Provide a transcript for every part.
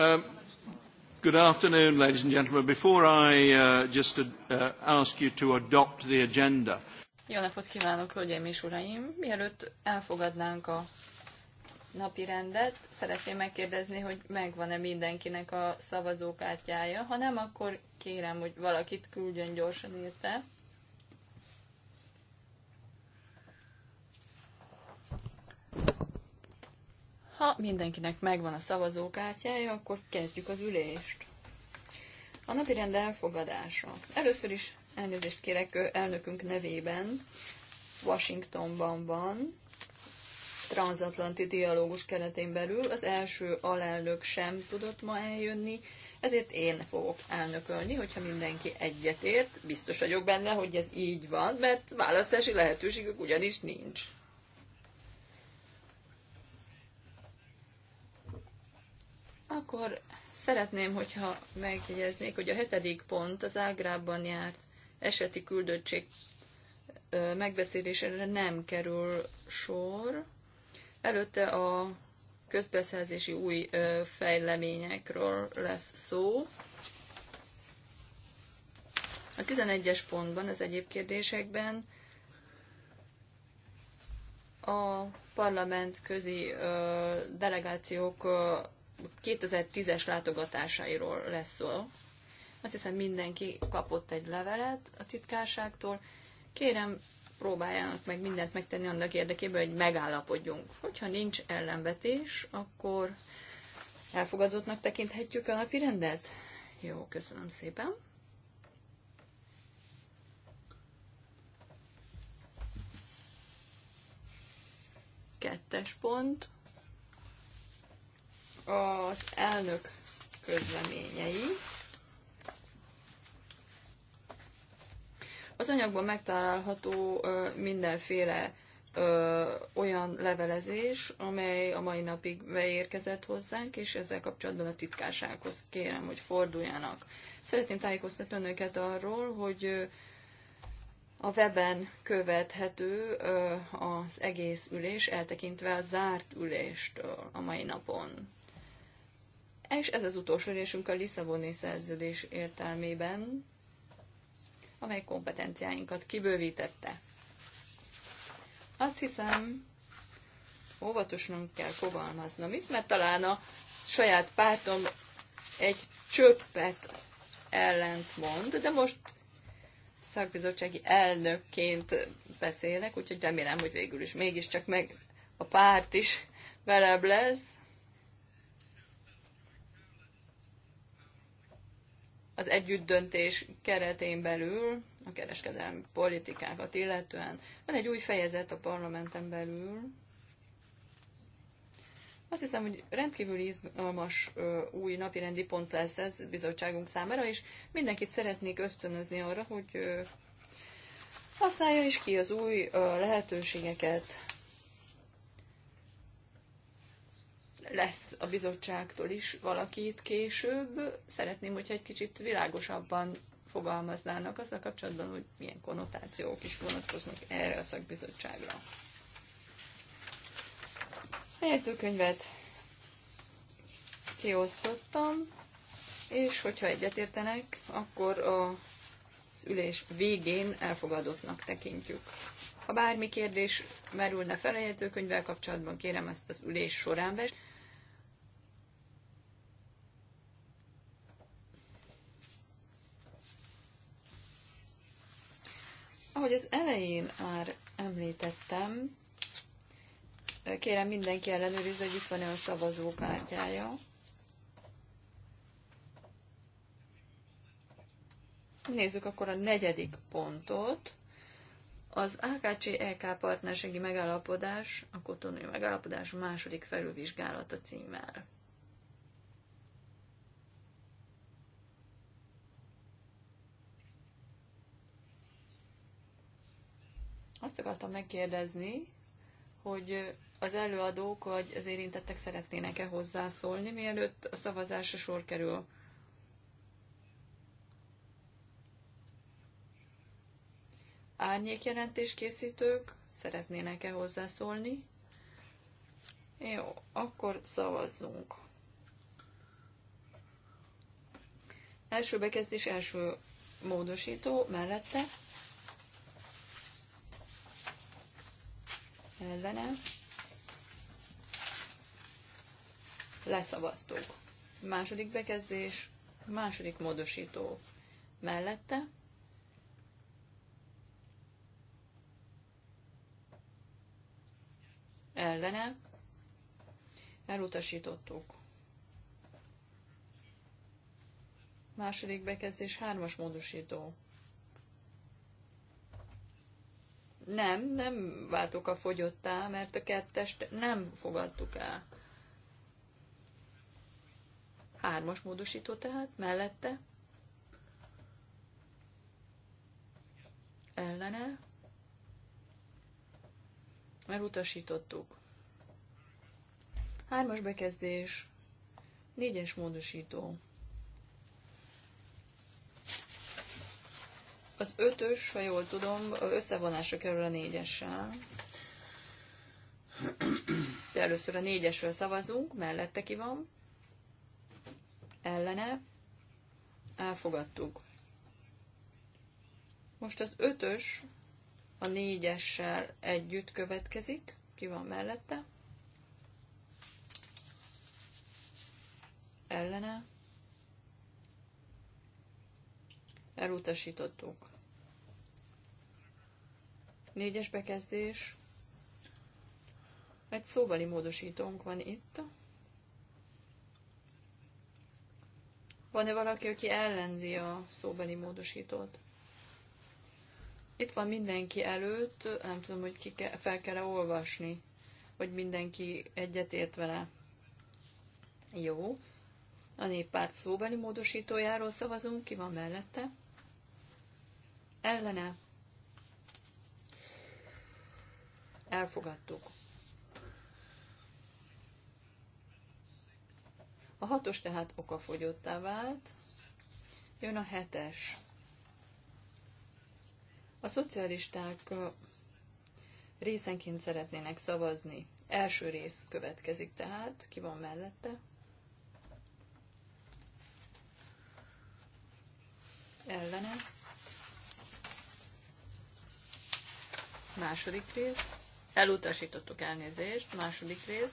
Um, good afternoon, ladies and gentlemen. Before I uh, just uh, ask you to adopt the agenda. Jó napot kívánok, hölgyeim és uraim! Mielőtt elfogadnánk a napi rendet, szeretném megkérdezni, hogy megvan-e mindenkinek a szavazókártyája. Ha nem, akkor kérem, hogy valakit küldjön gyorsan érte. Ha mindenkinek megvan a szavazókártyája, akkor kezdjük az ülést. A napi rend elfogadása. Először is elnézést kérek elnökünk nevében. Washingtonban van, transatlanti dialógus keretén belül. Az első alelnök sem tudott ma eljönni, ezért én fogok elnökölni, hogyha mindenki egyetért. Biztos vagyok benne, hogy ez így van, mert választási lehetőségük ugyanis nincs. akkor szeretném, hogyha megjegyeznék, hogy a hetedik pont az Ágrában járt eseti küldöttség megbeszélésére nem kerül sor. Előtte a közbeszerzési új fejleményekről lesz szó. A 11-es pontban, az egyéb kérdésekben a parlament közi delegációk 2010-es látogatásairól lesz szó. Azt hiszem mindenki kapott egy levelet a titkárságtól. Kérem, próbáljanak meg mindent megtenni annak érdekében, hogy megállapodjunk. Hogyha nincs ellenvetés, akkor elfogadottnak tekinthetjük a napi rendet? Jó, köszönöm szépen. Kettes pont az elnök közleményei. Az anyagban megtalálható mindenféle olyan levelezés, amely a mai napig beérkezett hozzánk, és ezzel kapcsolatban a titkársághoz kérem, hogy forduljanak. Szeretném tájékoztatni önöket arról, hogy a weben követhető az egész ülés, eltekintve a zárt üléstől a mai napon. És ez az utolsó részünk a Lisszaboni szerződés értelmében, amely kompetenciáinkat kibővítette. Azt hiszem, óvatosnunk kell fogalmaznom itt, mert talán a saját pártom egy csöppet ellentmond, de most szakbizottsági elnökként beszélek, úgyhogy remélem, hogy végül is mégiscsak meg a párt is velebb lesz. az együttdöntés keretén belül, a kereskedelmi politikákat illetően. Van egy új fejezet a parlamenten belül. Azt hiszem, hogy rendkívül izgalmas új napirendi pont lesz ez bizottságunk számára, és mindenkit szeretnék ösztönözni arra, hogy használja is ki az új lehetőségeket, lesz a bizottságtól is valakit később. Szeretném, hogyha egy kicsit világosabban fogalmaznának azzal kapcsolatban, hogy milyen konnotációk is vonatkoznak erre a szakbizottságra. A jegyzőkönyvet kiosztottam, és hogyha egyetértenek, akkor az ülés végén elfogadottnak tekintjük. Ha bármi kérdés merülne fel a jegyzőkönyvvel kapcsolatban, kérem ezt az ülés során vesz. Ahogy az elején már említettem, kérem mindenki ellenőrizze, hogy itt van-e a szavazókártyája. Nézzük akkor a negyedik pontot. Az AKC-EK e partnerségi megállapodás, a kotonai megállapodás második felülvizsgálata címmel. Azt akartam megkérdezni, hogy az előadók vagy az érintettek szeretnének-e hozzászólni, mielőtt a szavazásra sor kerül. Árnyékjelentés készítők szeretnének-e hozzászólni? Jó, akkor szavazzunk. Első bekezdés, első módosító mellette ellene. Leszavaztuk. Második bekezdés, második módosító mellette. Ellene. Elutasítottuk. Második bekezdés, hármas módosító Nem, nem váltok a fogyottá, mert a kettest nem fogadtuk el. Hármas módosító tehát, mellette. Ellene. Elutasítottuk. Hármas bekezdés. Négyes módosító. az ötös, ha jól tudom, összevonásra kerül a négyessel. De először a négyesről szavazunk, mellette ki van. Ellene. Elfogadtuk. Most az ötös a négyessel együtt következik. Ki van mellette? Ellene. Elutasítottuk. Négyes bekezdés. Egy szóbeli módosítónk van itt. Van-e valaki, aki ellenzi a szóbeli módosítót? Itt van mindenki előtt, nem tudom, hogy ki ke- fel kell -e olvasni, vagy mindenki egyetért vele. Jó. A néppárt szóbeli módosítójáról szavazunk, ki van mellette? Ellene Elfogadtuk. A hatos tehát okafogyottá vált. Jön a hetes. A szocialisták részenként szeretnének szavazni. Első rész következik tehát, ki van mellette. Ellene. Második rész. Elutasítottuk elnézést, második rész,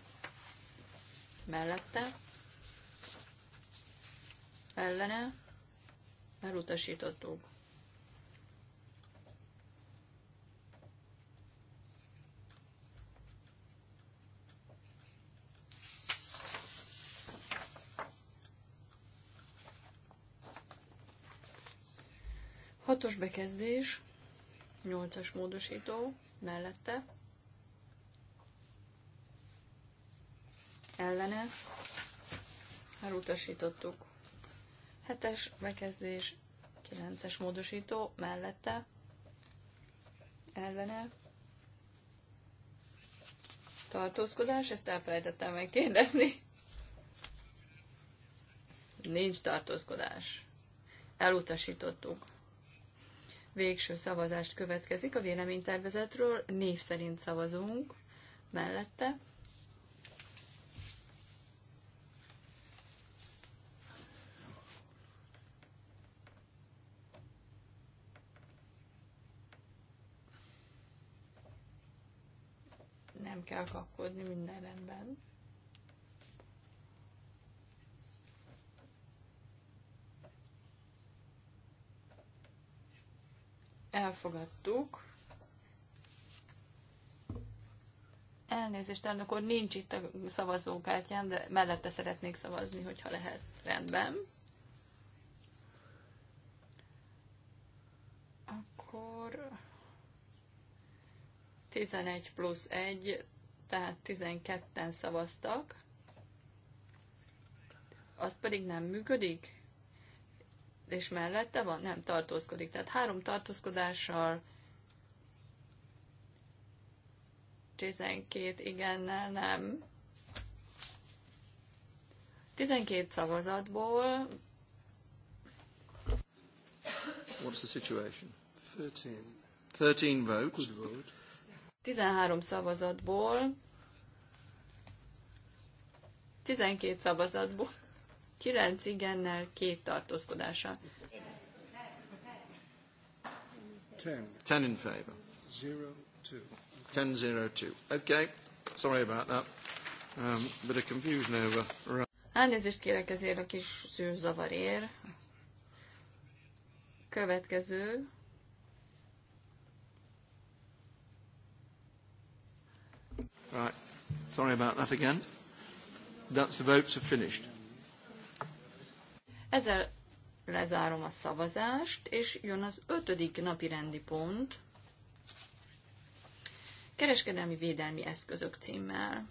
mellette, ellene, elutasítottuk. Hatos bekezdés, nyolcas módosító mellette, ellene elutasítottuk. 7-es bekezdés, 9-es módosító mellette ellene tartózkodás, ezt elfelejtettem megkérdezni. Nincs tartózkodás. Elutasítottuk. Végső szavazást következik a véleménytervezetről. Név szerint szavazunk. Mellette kell kapkodni, minden rendben. Elfogadtuk. Elnézést, elnök úr, nincs itt a szavazókártyám, de mellette szeretnék szavazni, hogyha lehet. Rendben. Akkor 11 plusz 1, tehát 12-en szavaztak, az pedig nem működik, és mellette van, nem tartózkodik. Tehát három tartózkodással 12 igennel nem. 12 szavazatból. What's the situation? 13. 13 votes. Good vote. 13 szavazatból, 12 szavazatból, 9 igennel, 2 tartózkodása. 10. 10 in favor. 0, 2. 10, 0, 2. Okay. Sorry about that. Um, bit of confusion over. Right. Elnézést kérek ezért a kis zűrzavarért. Következő. Right. Sorry about that again. That's the votes are finished. Ezzel lezárom a szavazást, és jön az ötödik napi rendi pont. Kereskedelmi védelmi eszközök címmel.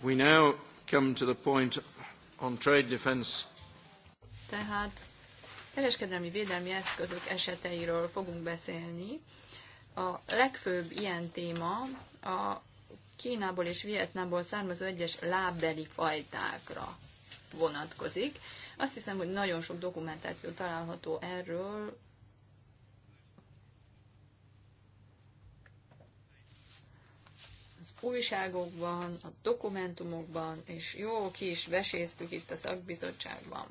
We now come to the point on trade defense. Tehát kereskedelmi védelmi eszközök eseteiről fogunk beszélni. A legfőbb ilyen téma a Kínából és Vietnámból származó egyes lábbeli fajtákra vonatkozik. Azt hiszem, hogy nagyon sok dokumentáció található erről. Az újságokban, a dokumentumokban, és jó ki is veséztük itt a szakbizottságban.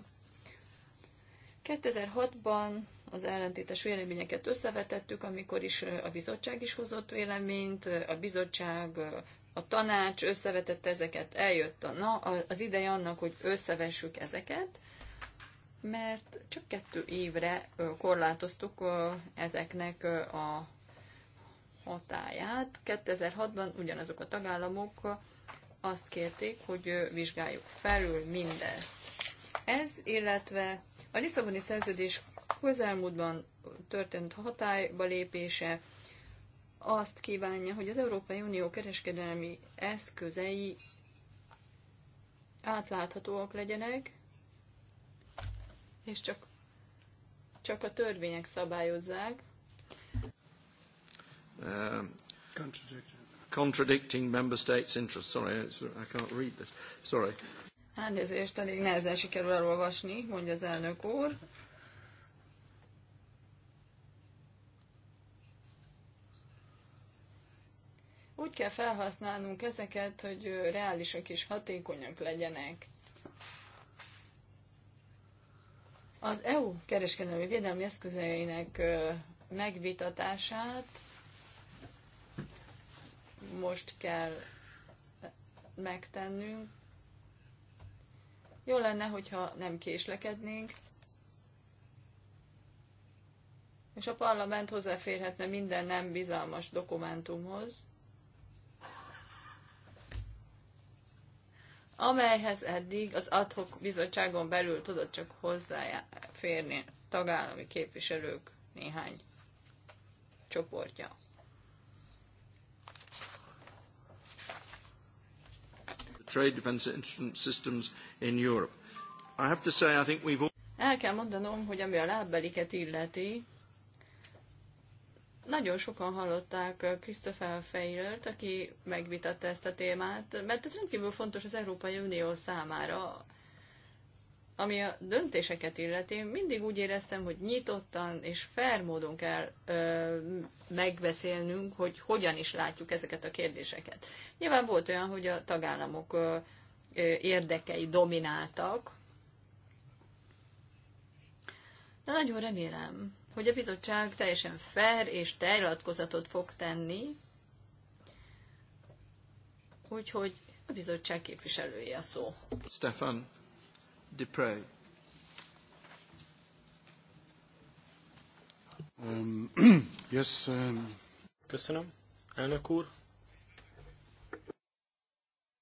2006-ban az ellentétes véleményeket összevetettük, amikor is a bizottság is hozott véleményt, a bizottság, a tanács összevetette ezeket, eljött a, na, az ideje annak, hogy összevessük ezeket, mert csak kettő évre korlátoztuk ezeknek a hatáját. 2006-ban ugyanazok a tagállamok azt kérték, hogy vizsgáljuk felül mindezt. Ez, illetve a Lisszaboni szerződés közelmúltban történt hatályba lépése azt kívánja, hogy az Európai Unió kereskedelmi eszközei átláthatóak legyenek, és csak, csak a törvények szabályozzák. Uh, contradicting member states' interests. Sorry, I can't read this. Sorry. Elnézést, elég nehezen sikerül elolvasni, mondja az elnök úr. Úgy kell felhasználnunk ezeket, hogy reálisak és hatékonyak legyenek. Az EU kereskedelmi védelmi eszközeinek megvitatását most kell megtennünk, jó lenne, hogyha nem késlekednénk, és a parlament hozzáférhetne minden nem bizalmas dokumentumhoz, amelyhez eddig az adhok bizottságon belül tudott csak hozzáférni tagállami képviselők néhány csoportja. trade defence instrument systems in Europe. I have to say, I think we've all... El kell mondanom, hogy ami a lábbeliket illeti, nagyon sokan hallották Christopher Feyrelt, aki megvitatta ezt a témát, mert ez rendkívül fontos az Európai Unió számára, ami a döntéseket illeti, mindig úgy éreztem, hogy nyitottan és fair módon kell ö, megbeszélnünk, hogy hogyan is látjuk ezeket a kérdéseket. Nyilván volt olyan, hogy a tagállamok ö, ö, érdekei domináltak, de nagyon remélem, hogy a bizottság teljesen fair és terjelatkozatot fog tenni, úgyhogy a bizottság képviselője a szó. Stefan, Um, yes, um... Köszönöm, elnök úr.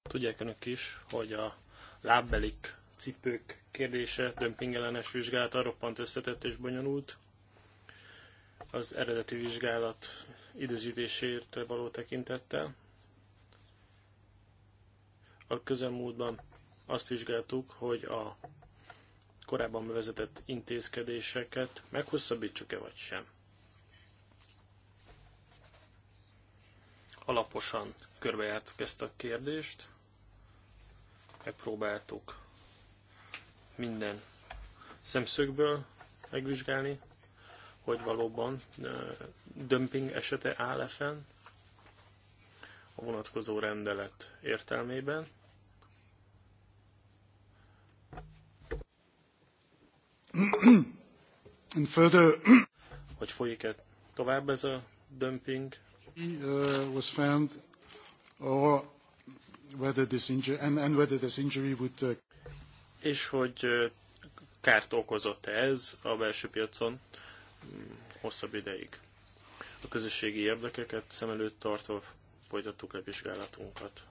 Tudják önök is, hogy a lábbelik cipők kérdése, dömpingellenes vizsgálata roppant összetett és bonyolult. Az eredeti vizsgálat időzítésért való tekintettel. A közelmúltban azt vizsgáltuk, hogy a korábban bevezetett intézkedéseket meghosszabbítsuk-e vagy sem. Alaposan körbejártuk ezt a kérdést, megpróbáltuk minden szemszögből megvizsgálni, hogy valóban dömping esete áll -e fenn a vonatkozó rendelet értelmében, and further hogy folyik-e tovább ez a dumping? dömping? Uh, was found or whether this injury and, and whether this injury would uh, és hogy uh, kárt okozott -e ez a belső piacon mm, hosszabb ideig. A közösségi érdekeket szem előtt tartva folytattuk le vizsgálatunkat.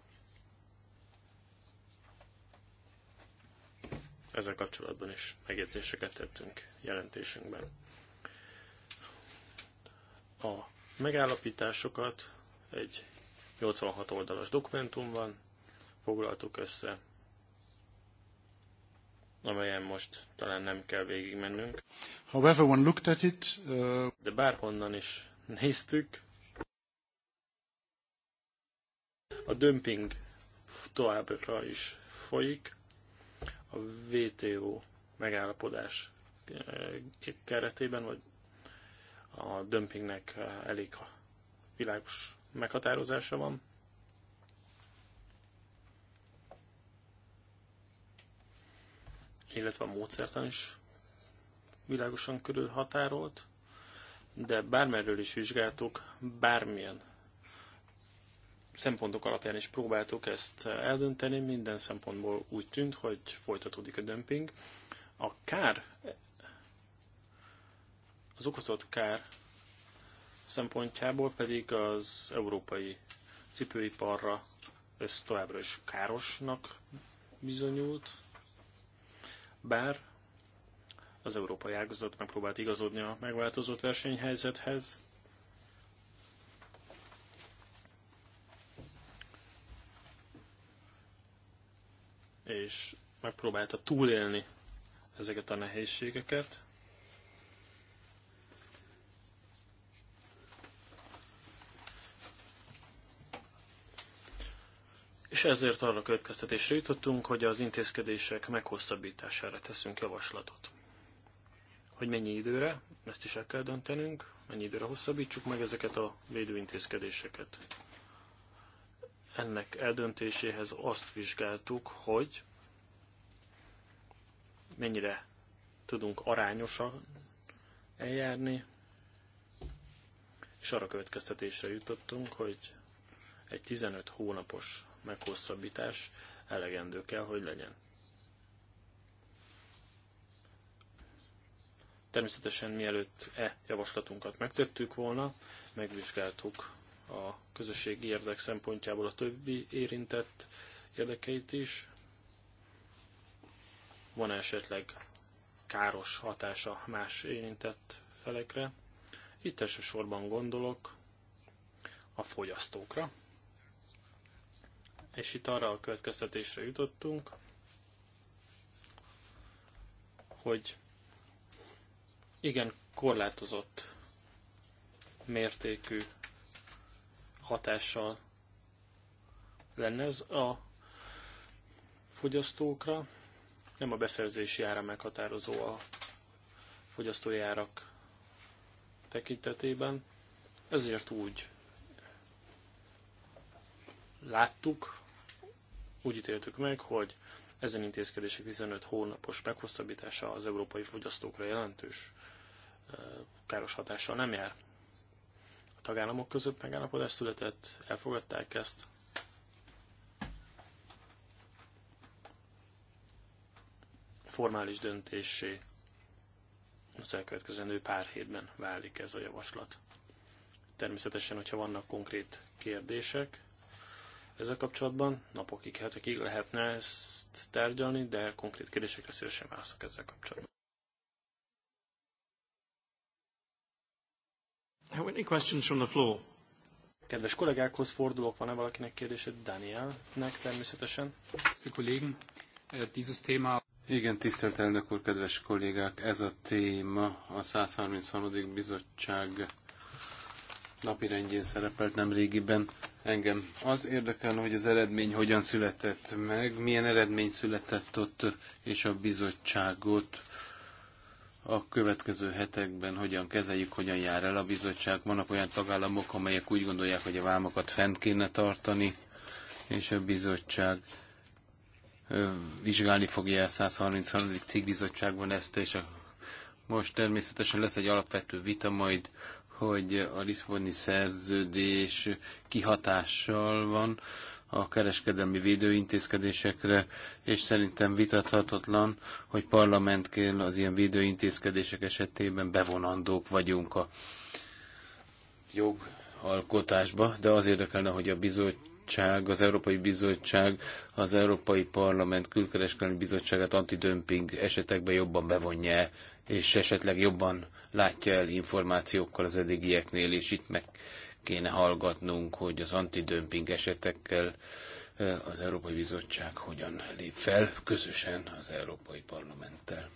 ezzel kapcsolatban is megjegyzéseket tettünk jelentésünkben. A megállapításokat egy 86 oldalas dokumentumban foglaltuk össze, amelyen most talán nem kell végigmennünk. However one looked at it, uh... De bárhonnan is néztük, a dömping továbbra is folyik, a WTO megállapodás eh, keretében, vagy a dömpingnek eh, elég világos meghatározása van. illetve a módszertan is világosan körülhatárolt, de bármerről is vizsgáltuk, bármilyen szempontok alapján is próbáltuk ezt eldönteni, minden szempontból úgy tűnt, hogy folytatódik a dömping. A kár, az okozott kár szempontjából pedig az európai cipőiparra ez továbbra is károsnak bizonyult, bár az európai ágazat megpróbált igazodni a megváltozott versenyhelyzethez, és megpróbálta túlélni ezeket a nehézségeket. És ezért arra következtetésre jutottunk, hogy az intézkedések meghosszabbítására teszünk javaslatot. Hogy mennyi időre, ezt is el kell döntenünk, mennyi időre hosszabbítsuk meg ezeket a védőintézkedéseket ennek eldöntéséhez azt vizsgáltuk, hogy mennyire tudunk arányosan eljárni, és arra következtetésre jutottunk, hogy egy 15 hónapos meghosszabbítás elegendő kell, hogy legyen. Természetesen mielőtt e javaslatunkat megtettük volna, megvizsgáltuk a közösségi érdek szempontjából a többi érintett érdekeit is. Van -e esetleg káros hatása más érintett felekre? Itt elsősorban gondolok a fogyasztókra. És itt arra a következtetésre jutottunk, hogy igen korlátozott mértékű hatással lenne ez a fogyasztókra. Nem a beszerzési ára meghatározó a fogyasztói árak tekintetében. Ezért úgy láttuk, úgy ítéltük meg, hogy ezen intézkedések 15 hónapos meghosszabbítása az európai fogyasztókra jelentős káros hatással nem jár tagállamok között megállapodás született, elfogadták ezt. Formális döntésé az elkövetkezendő pár hétben válik ez a javaslat. Természetesen, hogyha vannak konkrét kérdések ezzel kapcsolatban, napokig, hetekig lehetne ezt tárgyalni, de konkrét kérdésekre szívesen válaszok ezzel kapcsolatban. Have any questions from the floor? Kedves kollégákhoz fordulok, van-e valakinek kérdése Danielnek természetesen? Kollégen, eh, dieses Thema... Igen, tisztelt elnök úr, kedves kollégák, ez a téma a 133. bizottság napirendjén szerepelt nem régiben. Engem az érdekel, hogy az eredmény hogyan született meg, milyen eredmény született ott, és a bizottságot a következő hetekben hogyan kezeljük, hogyan jár el a bizottság. Vannak olyan tagállamok, amelyek úgy gondolják, hogy a vámokat fent kéne tartani, és a bizottság vizsgálni fogja a 133. cikkbizottságban ezt, és a, most természetesen lesz egy alapvető vita majd, hogy a Lisboni szerződés kihatással van a kereskedelmi védőintézkedésekre, és szerintem vitathatatlan, hogy parlamentként az ilyen védőintézkedések esetében bevonandók vagyunk a jogalkotásba, de az érdekelne, hogy a bizottság az Európai Bizottság, az Európai Parlament külkereskedelmi bizottságát antidömping esetekben jobban bevonja, és esetleg jobban látja el információkkal az eddigieknél, és itt meg kéne hallgatnunk, hogy az antidömping esetekkel az Európai Bizottság hogyan lép fel közösen az Európai Parlamenttel.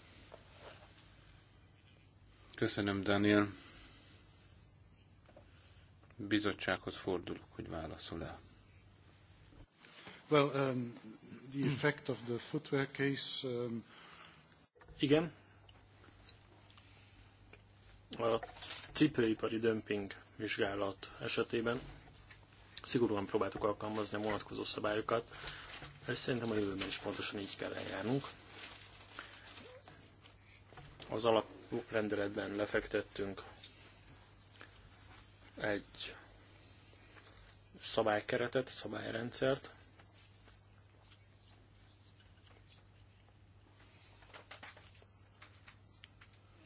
Köszönöm, Daniel. Bizottsághoz fordulok, hogy válaszol el. Well, um, the effect of the footwear case... Um... Igen. A cipőipari dömping vizsgálat esetében szigorúan próbáltuk alkalmazni a vonatkozó szabályokat, és szerintem a jövőben is pontosan így kell eljárnunk. Az alaprendeletben lefektettünk egy szabálykeretet, szabályrendszert,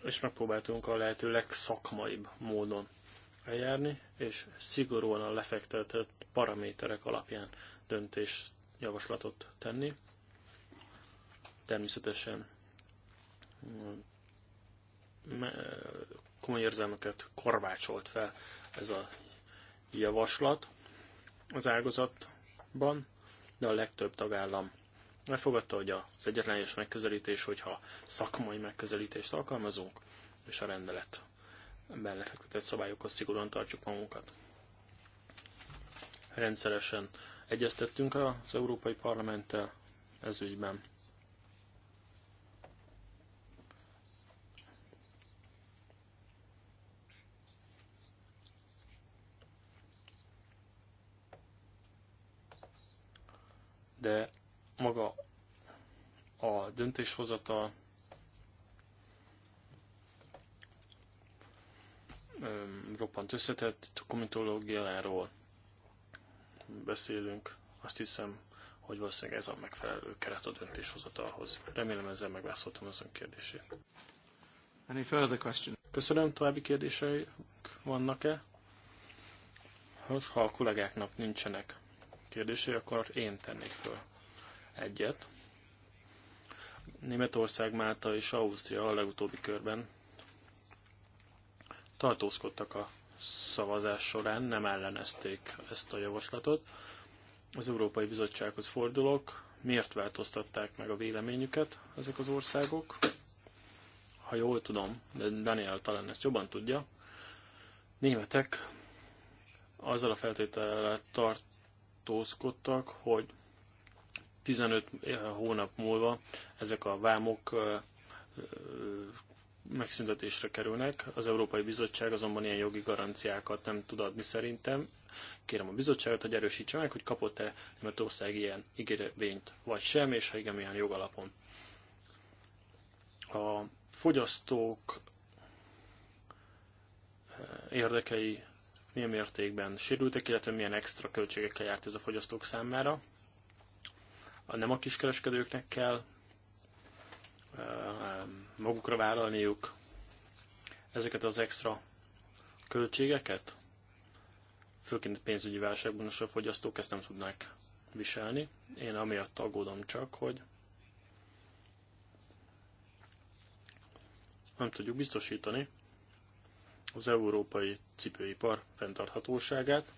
és megpróbáltunk a lehető legszakmaibb módon eljárni, és szigorúan a lefektetett paraméterek alapján döntés javaslatot tenni. Természetesen mm, komoly érzelmeket korvácsolt fel ez a javaslat az ágazatban, de a legtöbb tagállam elfogadta, hogy az egyetlen és megközelítés, hogyha szakmai megközelítést alkalmazunk, és a rendelet mellefektetett szabályokhoz szigorúan tartjuk magunkat. Rendszeresen egyeztettünk az Európai Parlamenttel ez ügyben. De maga a döntéshozatal roppant összetett dokumentológiáról beszélünk. Azt hiszem, hogy valószínűleg ez a megfelelő keret a döntéshozatalhoz. Remélem ezzel megválaszoltam az ön kérdését. Any further question? Köszönöm, további kérdéseik vannak-e? Ha a kollégáknak nincsenek kérdései, akkor én tennék föl egyet. Németország, Málta és Ausztria a legutóbbi körben tartózkodtak a szavazás során, nem ellenezték ezt a javaslatot. Az Európai Bizottsághoz fordulok, miért változtatták meg a véleményüket ezek az országok? Ha jól tudom, de Daniel talán ezt jobban tudja, németek azzal a feltétellel tartózkodtak, hogy 15 hónap múlva ezek a vámok megszüntetésre kerülnek. Az Európai Bizottság azonban ilyen jogi garanciákat nem tud adni szerintem. Kérem a bizottságot, hogy erősítse meg, hogy kapott-e Németország ilyen ígérvényt, vagy sem, és ha igen, milyen jogalapon. A fogyasztók eh, érdekei milyen mértékben sérültek, illetve milyen extra költségekkel járt ez a fogyasztók számára. Nem a kiskereskedőknek kell magukra vállalniuk ezeket az extra költségeket? Főként pénzügyi válságban is a fogyasztók ezt nem tudnák viselni. Én amiatt aggódom csak, hogy nem tudjuk biztosítani az európai cipőipar fenntarthatóságát,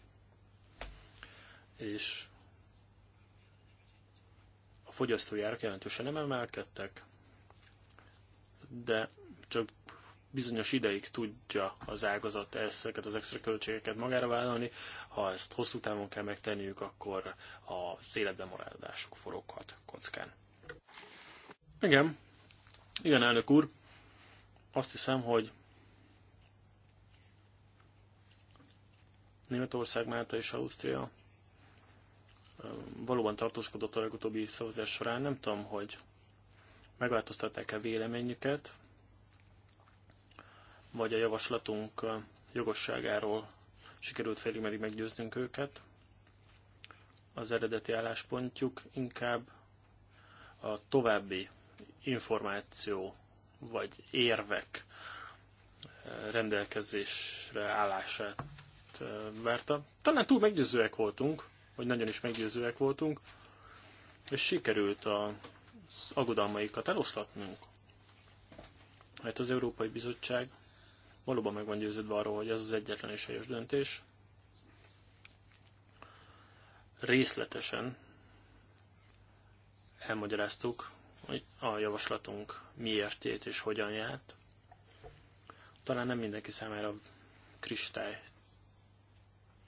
és a fogyasztói jelentősen nem emelkedtek, de csak bizonyos ideig tudja az ágazat ezeket az extra költségeket magára vállalni. Ha ezt hosszú távon kell megtenniük, akkor az életben maradásuk foroghat kockán. Igen, igen, elnök úr, azt hiszem, hogy Németország, Málta és Ausztria valóban tartózkodott a legutóbbi szavazás során. Nem tudom, hogy megváltoztatták-e véleményüket, vagy a javaslatunk jogosságáról sikerült félig meddig meggyőznünk őket. Az eredeti álláspontjuk inkább a további információ vagy érvek rendelkezésre állását várta. Talán túl meggyőzőek voltunk, vagy nagyon is meggyőzőek voltunk, és sikerült a aggodalmaikat eloszlatnunk. Mert az Európai Bizottság valóban meg van győződve arról, hogy ez az egyetlen és helyes döntés. Részletesen elmagyaráztuk hogy a javaslatunk miértét és hogyan járt. Talán nem mindenki számára kristály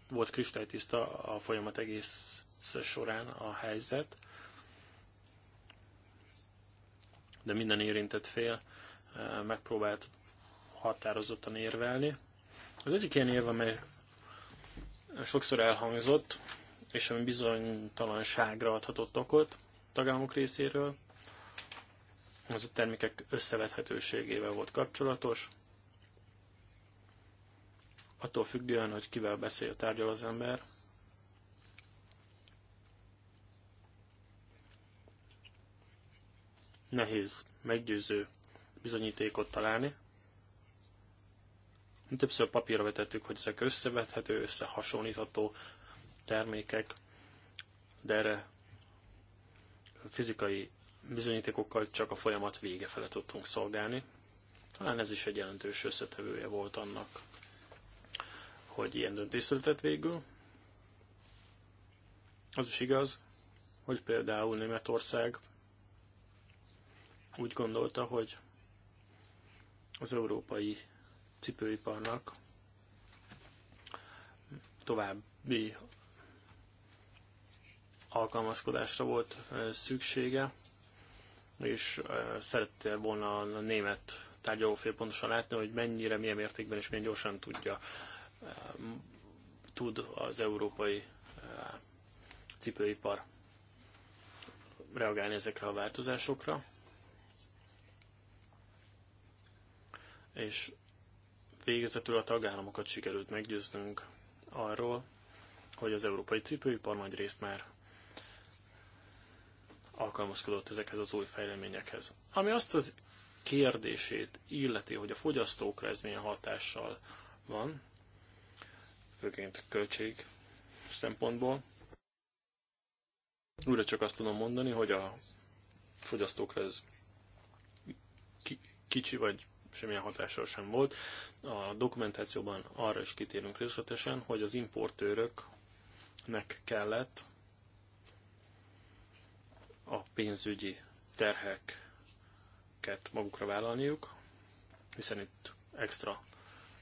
volt kristálytiszta a folyamat egész során a helyzet. de minden érintett fél megpróbált határozottan érvelni. Az egyik ilyen érv, amely sokszor elhangzott, és ami bizonytalanságra adhatott okot tagállamok részéről, az a termékek összevethetőségével volt kapcsolatos. Attól függően, hogy kivel beszél tárgyal az ember, nehéz, meggyőző bizonyítékot találni. Többször papírra vetettük, hogy ezek összevethető, összehasonlítható termékek, de erre fizikai bizonyítékokkal csak a folyamat vége fele tudtunk szolgálni. Talán ez is egy jelentős összetevője volt annak, hogy ilyen döntés született végül. Az is igaz, hogy például Németország úgy gondolta, hogy az európai cipőiparnak további alkalmazkodásra volt szüksége, és szerette volna a német tárgyalófél pontosan látni, hogy mennyire, milyen mértékben és milyen gyorsan tudja tud az európai cipőipar reagálni ezekre a változásokra. és végezetül a tagállamokat sikerült meggyőznünk arról, hogy az európai cipőipar nagy részt már alkalmazkodott ezekhez az új fejleményekhez. Ami azt az kérdését illeti, hogy a fogyasztókra ez milyen hatással van, főként költség szempontból, újra csak azt tudom mondani, hogy a fogyasztókra ez kicsi vagy semmilyen hatással sem volt. A dokumentációban arra is kitérünk részletesen, hogy az importőröknek kellett a pénzügyi terheket magukra vállalniuk, hiszen itt extra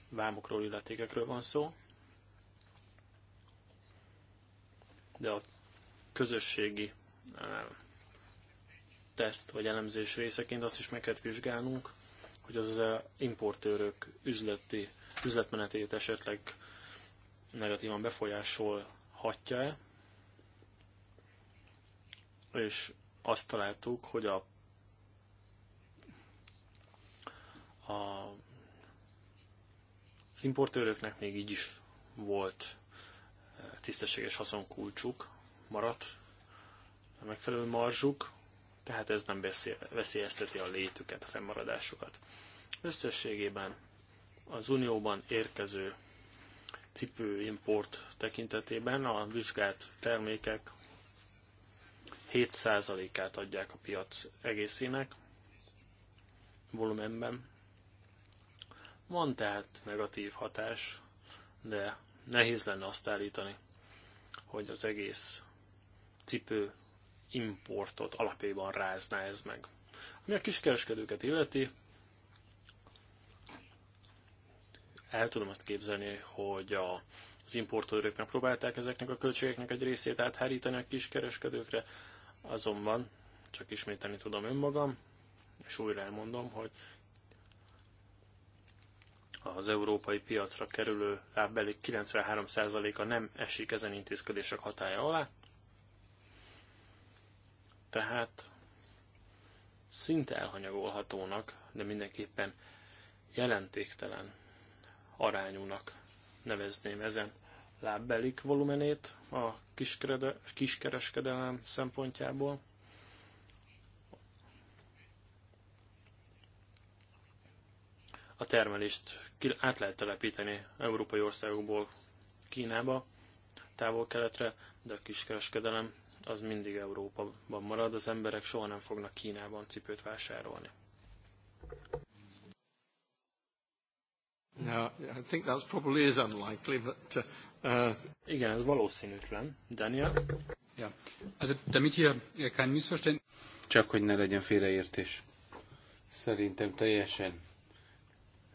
vámokról, illetékekről van szó, de a közösségi eh, teszt vagy elemzés részeként azt is meg kell vizsgálnunk, hogy az importőrök üzleti, üzletmenetét esetleg negatívan befolyásolhatja-e, és azt találtuk, hogy a, a az importőröknek még így is volt eh, tisztességes haszonkulcsuk, maradt megfelelő marzsuk, tehát ez nem veszélyezteti a létüket, a fennmaradásukat. Összességében az Unióban érkező cipőimport tekintetében a vizsgált termékek 7%-át adják a piac egészének volumenben. Van tehát negatív hatás, de nehéz lenne azt állítani, hogy az egész cipő importot alapjában rázná ez meg. Ami a kiskereskedőket illeti, el tudom azt képzelni, hogy a, az importőrök megpróbálták ezeknek a költségeknek egy részét áthárítani a kiskereskedőkre, azonban csak ismételni tudom önmagam, és újra elmondom, hogy az európai piacra kerülő lábbeli 93%-a nem esik ezen intézkedések hatája alá, tehát szinte elhanyagolhatónak, de mindenképpen jelentéktelen arányúnak nevezném ezen lábbelik volumenét a kiskereskedelem szempontjából. A termelést át lehet telepíteni európai országokból Kínába, távol-keletre, de a kiskereskedelem az mindig Európában marad, az emberek soha nem fognak Kínában cipőt vásárolni. I think probably is unlikely, but, uh... uh Igen, ez valószínűtlen. Daniel? Ja, also damit äh, Csak hogy ne legyen félreértés. Szerintem teljesen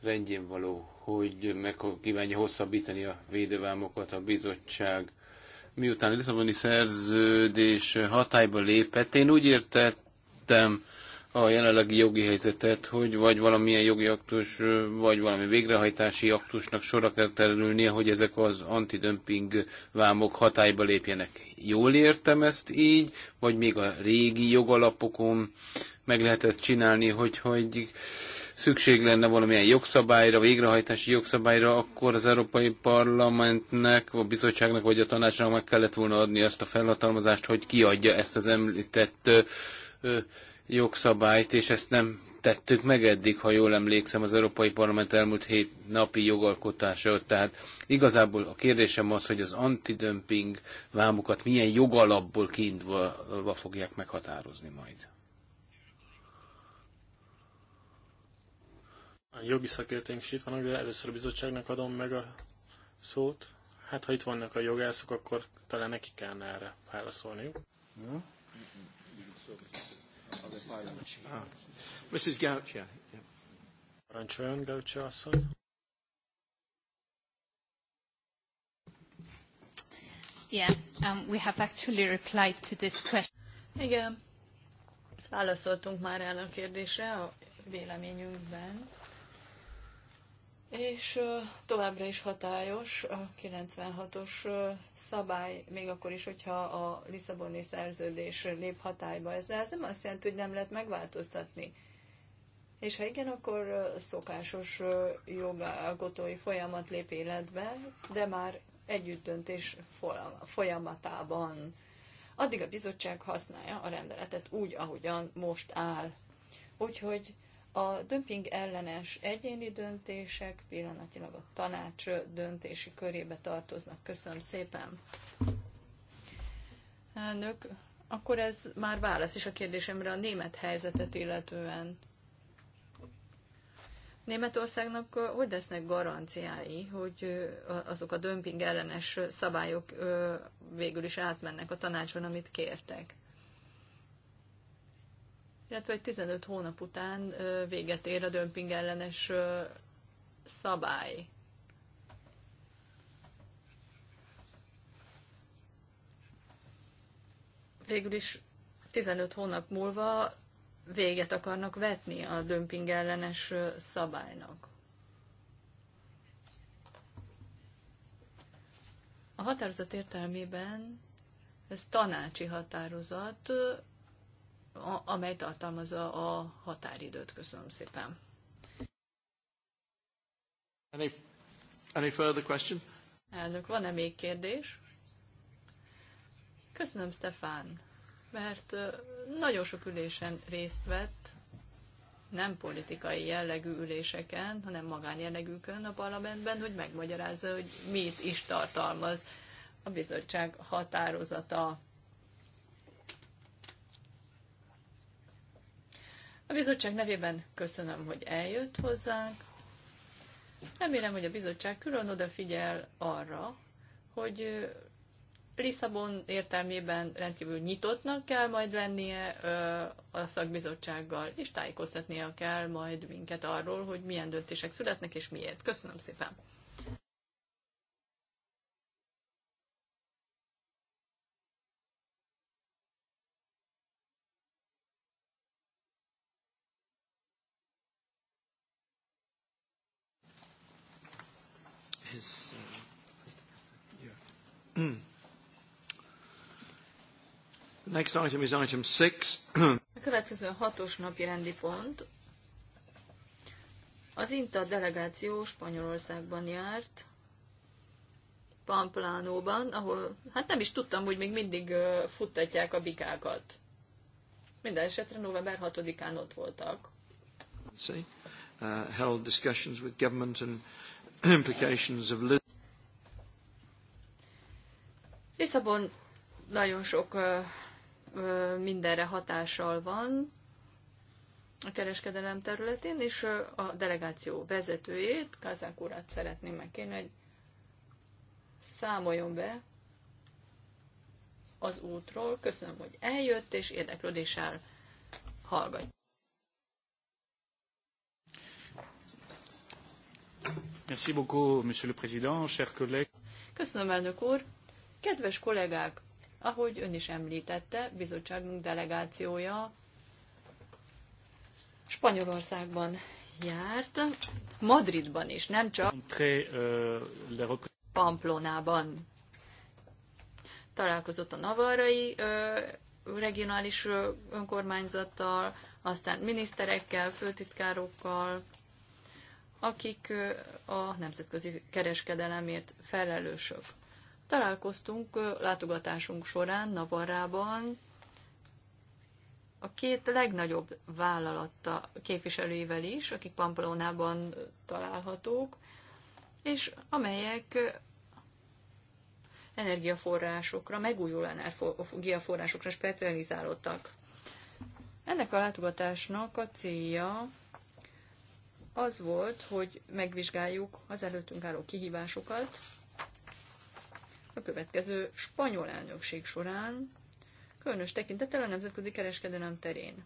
rendjén való, hogy meg kívánja hosszabbítani a védővámokat a bizottság miután a Lisszaboni szerződés hatályba lépett, én úgy értettem a jelenlegi jogi helyzetet, hogy vagy valamilyen jogi aktus, vagy valami végrehajtási aktusnak sorra kell terülnie, hogy ezek az antidömping vámok hatályba lépjenek. Jól értem ezt így, vagy még a régi jogalapokon meg lehet ezt csinálni, hogy, hogy szükség lenne valamilyen jogszabályra, végrehajtási jogszabályra, akkor az Európai Parlamentnek, a bizottságnak vagy a tanácsnak meg kellett volna adni azt a felhatalmazást, hogy kiadja ezt az említett jogszabályt, és ezt nem tettük meg eddig, ha jól emlékszem, az Európai Parlament elmúlt hét napi jogalkotása. Tehát igazából a kérdésem az, hogy az antidömping vámokat milyen jogalapból kiindulva fogják meghatározni majd. a jogi szakértőnk is itt van, de először a bizottságnak adom meg a szót. Hát, ha itt vannak a jogászok, akkor talán neki kellene erre válaszolniuk. Ah. Mrs. Gaucher. Parancsoljon, Gaucher asszony. Yeah, um, we have actually replied to this question. Igen, válaszoltunk már el a kérdésre a véleményünkben és továbbra is hatályos a 96-os szabály, még akkor is, hogyha a Lisszaboni szerződés lép hatályba. Ez, de ez nem azt jelenti, hogy nem lehet megváltoztatni. És ha igen, akkor szokásos jogalkotói folyamat lép életbe, de már együttdöntés folyamatában. Addig a bizottság használja a rendeletet úgy, ahogyan most áll. Úgyhogy a dömping ellenes egyéni döntések pillanatilag a tanács döntési körébe tartoznak. Köszönöm szépen. Elnök, akkor ez már válasz is a kérdésemre a német helyzetet illetően. Németországnak hogy lesznek garanciái, hogy azok a dömping ellenes szabályok végül is átmennek a tanácson, amit kértek? illetve egy 15 hónap után véget ér a dömping ellenes szabály. Végül is 15 hónap múlva véget akarnak vetni a dömping ellenes szabálynak. A határozat értelmében ez tanácsi határozat, amely tartalmazza a határidőt. Köszönöm szépen. Any, any further question? Elnök, van-e még kérdés? Köszönöm, Stefán, mert nagyon sok ülésen részt vett, nem politikai jellegű üléseken, hanem magánjellegűkön a parlamentben, hogy megmagyarázza, hogy mit is tartalmaz a bizottság határozata. A bizottság nevében köszönöm, hogy eljött hozzánk. Remélem, hogy a bizottság külön odafigyel arra, hogy Lisszabon értelmében rendkívül nyitottnak kell majd lennie a szakbizottsággal, és tájékoztatnia kell majd minket arról, hogy milyen döntések születnek és miért. Köszönöm szépen! Next item is item six. A következő hatos napi rendi pont. Az INTA delegáció Spanyolországban járt, Pamplánóban, ahol hát nem is tudtam, hogy még mindig futtatják a bikákat. Minden esetre november 6-án ott voltak. See, uh, held discussions with government and implications of Lisszabon nagyon sok uh, mindenre hatással van a kereskedelem területén, és a delegáció vezetőjét, Kazák urat szeretném megkérni, hogy számoljon be az útról. Köszönöm, hogy eljött, és érdeklődéssel hallgat. Merci beaucoup, monsieur le président, chers collègues. Köszönöm, elnök úr. Kedves kollégák, ahogy ön is említette, bizottságunk delegációja Spanyolországban járt, Madridban is, nem csak euh, Pamplonában. Találkozott a navarrai euh, regionális euh, önkormányzattal, aztán miniszterekkel, főtitkárokkal, akik a nemzetközi kereskedelemért felelősök. Találkoztunk látogatásunk során Navarrában a két legnagyobb vállalatta képviselőivel is, akik Pamplonában találhatók, és amelyek energiaforrásokra, megújuló energiaforrásokra specializálódtak. Ennek a látogatásnak a célja az volt, hogy megvizsgáljuk az előttünk álló kihívásokat, a következő spanyol elnökség során, különös tekintettel a nemzetközi kereskedelem terén.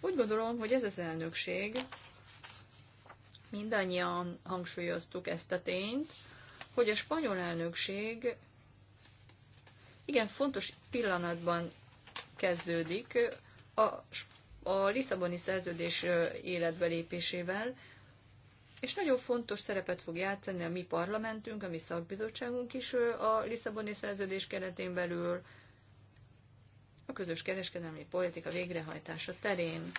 Úgy gondolom, hogy ez az elnökség, mindannyian hangsúlyoztuk ezt a tényt, hogy a spanyol elnökség igen fontos pillanatban kezdődik a, a Lisszaboni szerződés életbelépésével, és nagyon fontos szerepet fog játszani a mi parlamentünk, a mi szakbizottságunk is a Lisszaboni szerződés keretén belül, a közös kereskedelmi politika végrehajtása terén.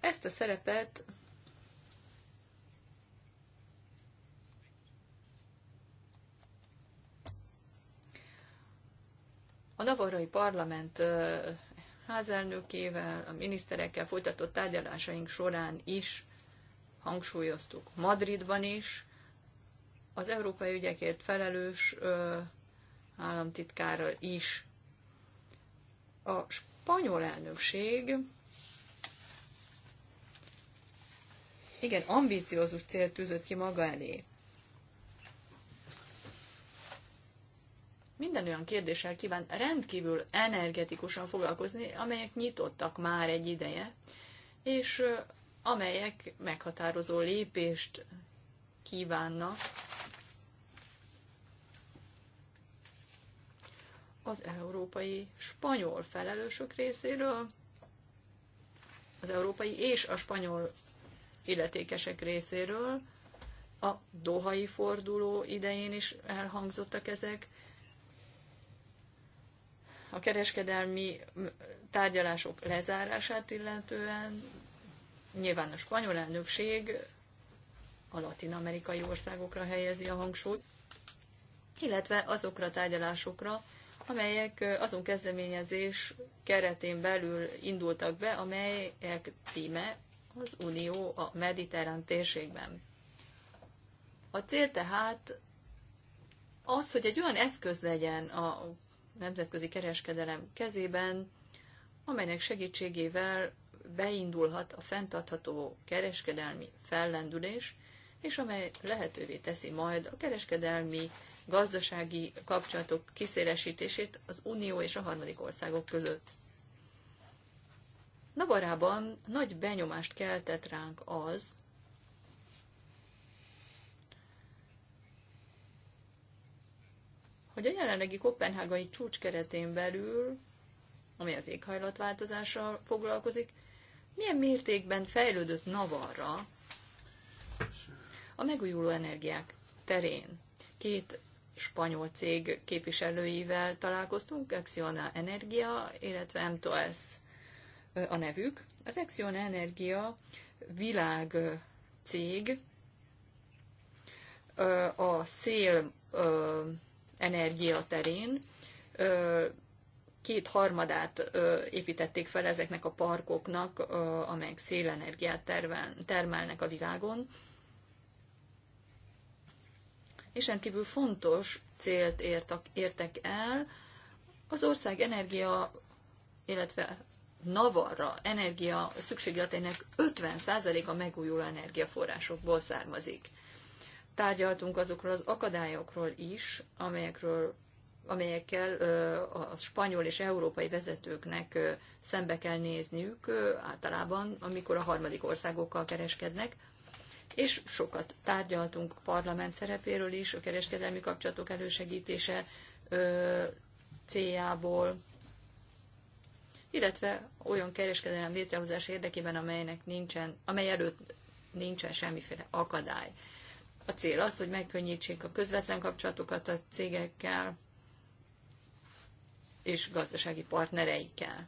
Ezt a szerepet a navarrai parlament házelnökével, a miniszterekkel folytatott tárgyalásaink során is hangsúlyoztuk Madridban is, az európai ügyekért felelős ö, államtitkárral is. A spanyol elnökség igen, ambíciózus célt tűzött ki maga elé. Minden olyan kérdéssel kíván rendkívül energetikusan foglalkozni, amelyek nyitottak már egy ideje, és amelyek meghatározó lépést kívánnak az európai spanyol felelősök részéről, az európai és a spanyol illetékesek részéről, a dohai forduló idején is elhangzottak ezek, a kereskedelmi tárgyalások lezárását illetően Nyilván a spanyol elnökség a latin-amerikai országokra helyezi a hangsúlyt, illetve azokra a tárgyalásokra, amelyek azon kezdeményezés keretén belül indultak be, amelyek címe az Unió a mediterrán térségben. A cél tehát az, hogy egy olyan eszköz legyen a nemzetközi kereskedelem kezében, amelynek segítségével beindulhat a fenntartható kereskedelmi fellendülés, és amely lehetővé teszi majd a kereskedelmi, gazdasági kapcsolatok kiszélesítését az Unió és a harmadik országok között. Navarában nagy benyomást keltett ránk az, hogy a jelenlegi kopenhágai csúcs keretén belül, ami az éghajlatváltozással foglalkozik, milyen mértékben fejlődött Navarra a megújuló energiák terén. Két spanyol cég képviselőivel találkoztunk, Axiona Energia, illetve MTOS a nevük. Az Axiona Energia világ cég a szél energia terén kétharmadát építették fel ezeknek a parkoknak, amelyek szélenergiát termelnek a világon. És rendkívül fontos célt értek el, az ország energia, illetve Navarra energia szükségleteinek 50%-a megújuló energiaforrásokból származik. Tárgyaltunk azokról az akadályokról is, amelyekről amelyekkel a spanyol és európai vezetőknek szembe kell nézniük általában, amikor a harmadik országokkal kereskednek. És sokat tárgyaltunk a parlament szerepéről is, a kereskedelmi kapcsolatok elősegítése céljából, illetve olyan kereskedelem létrehozás érdekében, amelynek nincsen, amely előtt nincsen semmiféle akadály. A cél az, hogy megkönnyítsék a közvetlen kapcsolatokat a cégekkel, és gazdasági partnereikkel.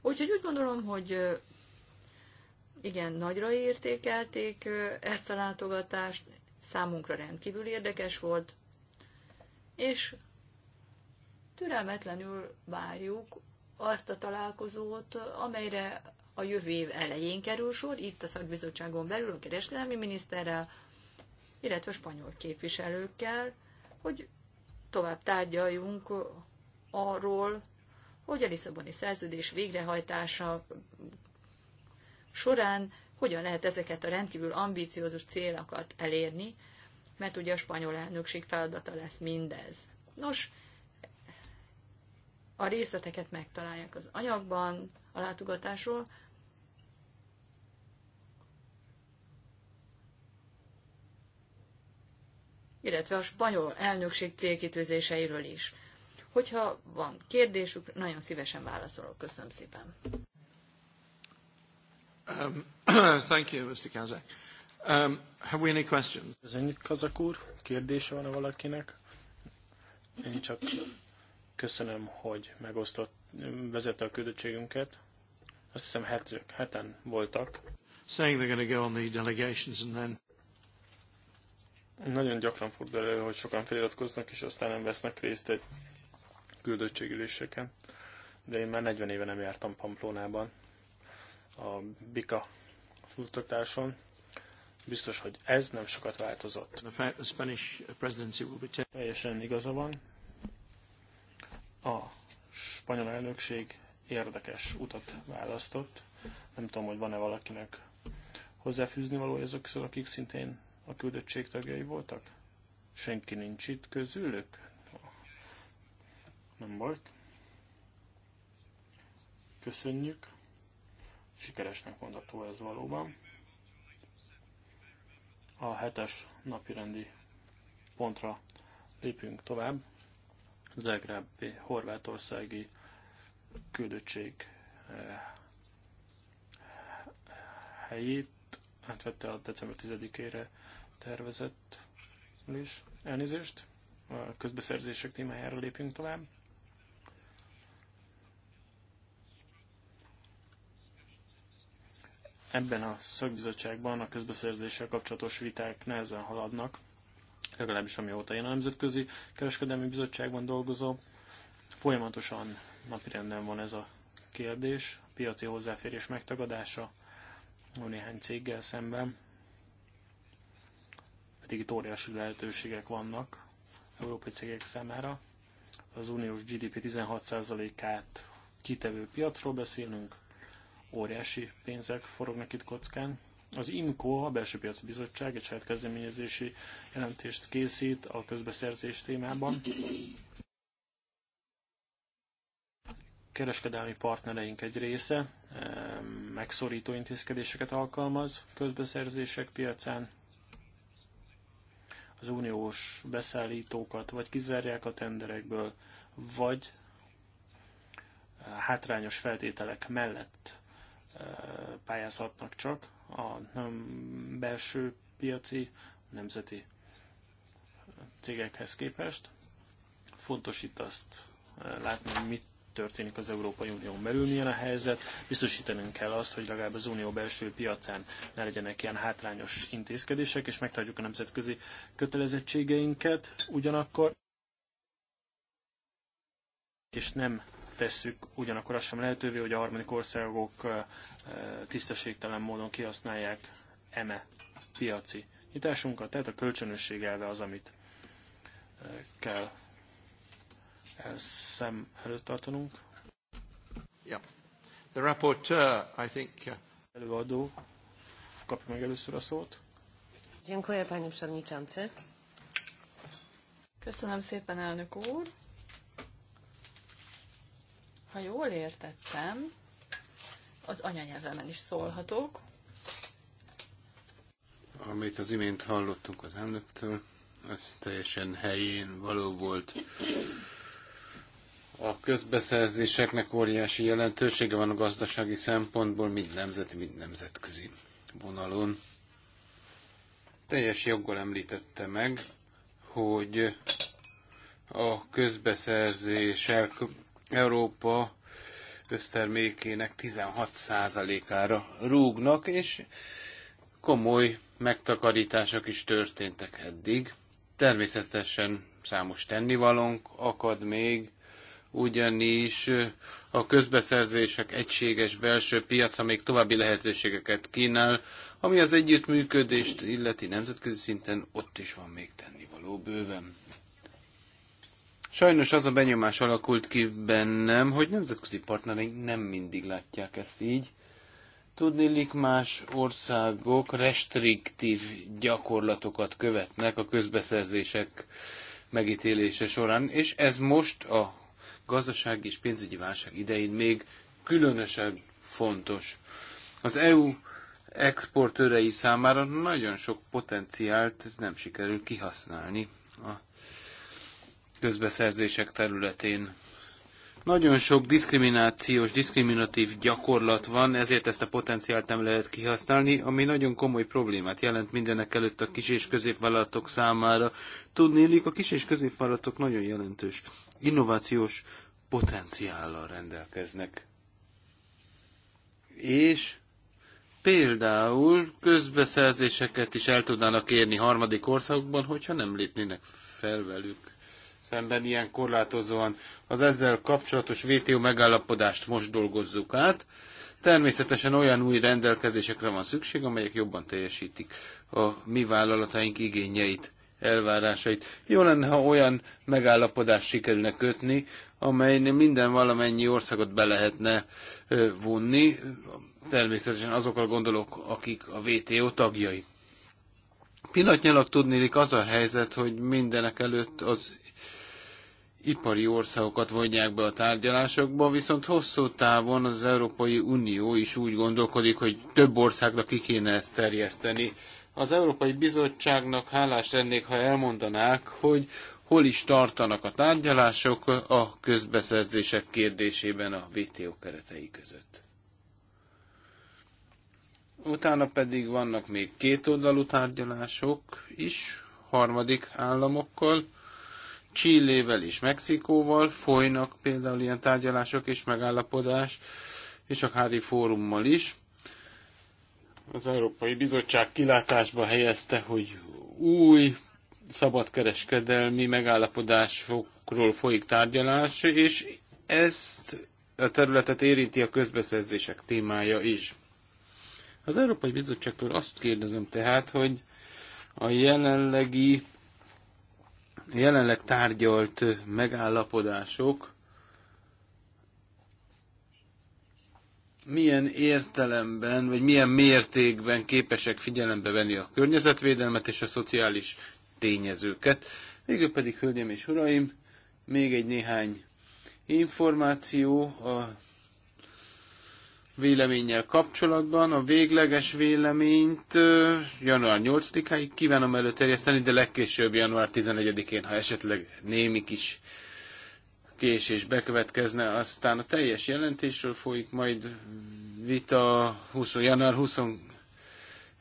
Úgyhogy úgy gondolom, hogy igen, nagyra értékelték ezt a látogatást, számunkra rendkívül érdekes volt, és türelmetlenül várjuk azt a találkozót, amelyre a jövő év elején kerül sor, itt a szakbizottságon belül a kereskedelmi miniszterrel, illetve a spanyol képviselőkkel, hogy tovább tárgyaljunk arról, hogy a Lisszaboni szerződés végrehajtása során hogyan lehet ezeket a rendkívül ambíciózus célokat elérni, mert ugye a spanyol elnökség feladata lesz mindez. Nos, a részleteket megtalálják az anyagban, a látogatásról. illetve a spanyol elnökség célkitűzéseiről is. Hogyha van kérdésük, nagyon szívesen válaszolok. Köszönöm szépen. Um, thank you, Mr. Kazak. Um, have we any questions? Köszönjük, Kazak úr. Kérdése van-e valakinek? Én csak köszönöm, hogy megosztott, vezette a küldöttségünket. Azt hiszem hetek, heten voltak. Saying they're going to go on the delegations and then... Nagyon gyakran fordul elő, hogy sokan feliratkoznak, és aztán nem vesznek részt egy küldöttségüléseken, de én már 40 éve nem jártam Pamplónában a Bika futtatáson. Biztos, hogy ez nem sokat változott. Teljesen igaza van. A spanyol elnökség érdekes utat választott. Nem tudom, hogy van-e valakinek hozzáfűzni való ezek akik szintén a küldöttség tagjai voltak? Senki nincs itt közülük? Nem baj. Köszönjük. Sikeresnek mondható ez valóban. A hetes napirendi pontra lépünk tovább. Zegrebbi horvátországi küldöttség eh, helyét átvette a december 10-ére tervezett ülés. Elnézést, a közbeszerzések témájára lépünk tovább. Ebben a szakbizottságban a közbeszerzéssel kapcsolatos viták nehezen haladnak, legalábbis amióta én a Nemzetközi Kereskedelmi Bizottságban dolgozom. Folyamatosan napirenden van ez a kérdés, a piaci hozzáférés megtagadása néhány céggel szemben, pedig itt óriási lehetőségek vannak európai cégek számára. Az uniós GDP 16%-át kitevő piacról beszélünk, óriási pénzek forognak itt kockán. Az IMCO, a Belső Piaci Bizottság egy saját kezdeményezési jelentést készít a közbeszerzés témában. kereskedelmi partnereink egy része megszorító intézkedéseket alkalmaz közbeszerzések piacán. Az uniós beszállítókat vagy kizárják a tenderekből, vagy hátrányos feltételek mellett pályázhatnak csak a nem belső piaci nemzeti cégekhez képest. Fontos itt azt eh, látni, hogy mit történik az Európai Unión belül, milyen a helyzet. Biztosítanunk kell azt, hogy legalább az Unió belső piacán ne legyenek ilyen hátrányos intézkedések, és megtartjuk a nemzetközi kötelezettségeinket. Ugyanakkor és nem tesszük, ugyanakkor azt sem lehetővé, hogy a harmadik országok tisztességtelen módon kihasználják eme piaci nyitásunkat, tehát a kölcsönösség elve az, amit kell szem előtt tartanunk. Yeah. The rapporteur, I think... Uh, Előadó, kapja meg először a szót. Dziękuję, panie przewodniczący. Köszönöm szépen, elnök úr. Ha jól értettem, az anyanyelvemen is szólhatok. Amit az imént hallottunk az elnöktől, az teljesen helyén való volt. A közbeszerzéseknek óriási jelentősége van a gazdasági szempontból, mind nemzeti, mind nemzetközi vonalon. Teljes joggal említette meg, hogy a közbeszerzések Európa össztermékének 16%-ára rúgnak, és komoly megtakarítások is történtek eddig. Természetesen számos tennivalónk akad még, ugyanis a közbeszerzések egységes belső piaca még további lehetőségeket kínál, ami az együttműködést illeti nemzetközi szinten, ott is van még tennivaló bőven. Sajnos az a benyomás alakult ki bennem, hogy nemzetközi partnereink nem mindig látják ezt így. Tudnélik más országok restriktív gyakorlatokat követnek a közbeszerzések megítélése során, és ez most a gazdasági és pénzügyi válság idején még különösen fontos. Az EU exportőrei számára nagyon sok potenciált nem sikerül kihasználni a közbeszerzések területén. Nagyon sok diszkriminációs, diszkriminatív gyakorlat van, ezért ezt a potenciált nem lehet kihasználni, ami nagyon komoly problémát jelent mindenek előtt a kis és középvállalatok számára. Tudnélik, a kis és középvállalatok nagyon jelentős innovációs potenciállal rendelkeznek. És például közbeszerzéseket is el tudnának érni harmadik országokban, hogyha nem lépnének fel velük szemben ilyen korlátozóan. Az ezzel kapcsolatos VTO megállapodást most dolgozzuk át. Természetesen olyan új rendelkezésekre van szükség, amelyek jobban teljesítik a mi vállalataink igényeit, elvárásait. Jó lenne, ha olyan megállapodást sikerülne kötni, amelynél minden valamennyi országot be lehetne vonni. Természetesen azokkal gondolok, akik a VTO tagjai. Pillanatnyilag tudnélik az a helyzet, hogy mindenek előtt az ipari országokat vonják be a tárgyalásokba, viszont hosszú távon az Európai Unió is úgy gondolkodik, hogy több országra ki kéne ezt terjeszteni. Az Európai Bizottságnak hálás lennék, ha elmondanák, hogy hol is tartanak a tárgyalások a közbeszerzések kérdésében a WTO keretei között. Utána pedig vannak még két oldalú tárgyalások is harmadik államokkal, Csillével és Mexikóval folynak például ilyen tárgyalások és megállapodás, és a Hári Fórummal is. Az Európai Bizottság kilátásba helyezte, hogy új szabadkereskedelmi megállapodásokról folyik tárgyalás, és ezt a területet érinti a közbeszerzések témája is. Az Európai Bizottságtól azt kérdezem tehát, hogy a jelenlegi jelenleg tárgyalt megállapodások milyen értelemben, vagy milyen mértékben képesek figyelembe venni a környezetvédelmet és a szociális tényezőket. Végül pedig, hölgyeim és uraim, még egy néhány információ a véleménnyel kapcsolatban. A végleges véleményt január 8-áig kívánom előterjeszteni, de legkésőbb január 11-én, ha esetleg némi kis késés bekövetkezne, aztán a teljes jelentésről folyik majd vita 20, január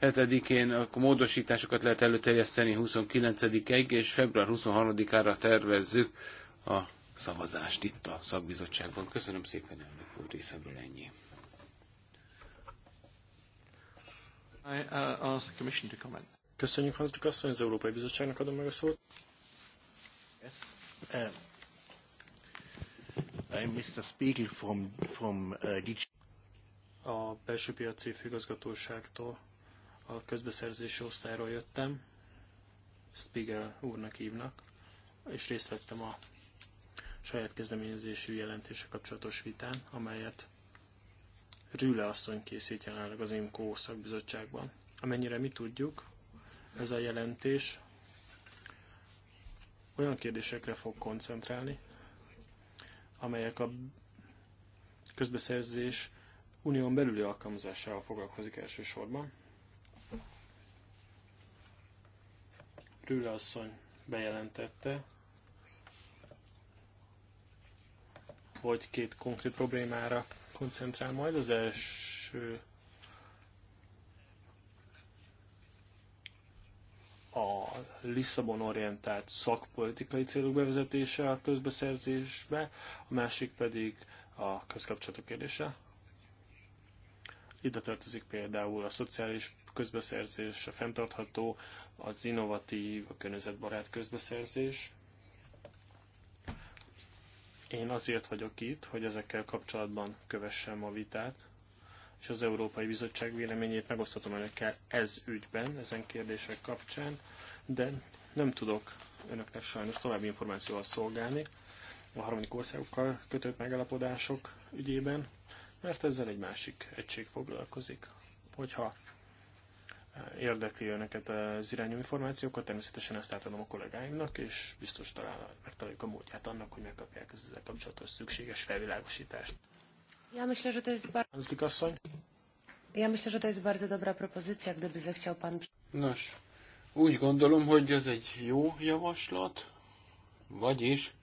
27-én, akkor módosításokat lehet előterjeszteni 29-ig, és február 23-ára tervezzük a szavazást itt a szakbizottságban. Köszönöm szépen, elnök úr, részemről ennyi. Uh, Köszönjük, az Európai Bizottságnak adom meg a szót. Yes. Um, Mr. Spiegel from, from uh, DG. A belső piaci főgazgatóságtól a közbeszerzési osztályról jöttem. Spiegel úrnak hívnak, és részt vettem a saját kezdeményezésű jelentése kapcsolatos vitán, amelyet Rüle asszony készít jelenleg az IMCO szakbizottságban. Amennyire mi tudjuk, ez a jelentés olyan kérdésekre fog koncentrálni, amelyek a közbeszerzés unión belüli alkalmazásával foglalkozik elsősorban. Rüle asszony bejelentette, hogy két konkrét problémára koncentrál majd. Az első a Lisszabon orientált szakpolitikai célok bevezetése a közbeszerzésbe, a másik pedig a közkapcsolatok kérdése. Ide tartozik például a szociális közbeszerzés, a fenntartható, az innovatív, a környezetbarát közbeszerzés. Én azért vagyok itt, hogy ezekkel kapcsolatban kövessem a vitát, és az Európai Bizottság véleményét megosztatom önökkel ez ügyben, ezen kérdések kapcsán, de nem tudok önöknek sajnos további információval szolgálni a harmadik országokkal kötött megállapodások ügyében, mert ezzel egy másik egység foglalkozik. Hogyha érdekli önöket az irányú információkat, természetesen ezt átadom a kollégáimnak, és biztos talán megtaláljuk a módját annak, hogy megkapják az ezzel kapcsolatos szükséges felvilágosítást. Ja myślę, że to jest bardzo... Ja myślę, że to jest bardzo dobra propozycja, gdyby zechciał pan... Nos, úgy gondolom, hogy ez egy jó javaslat, vagyis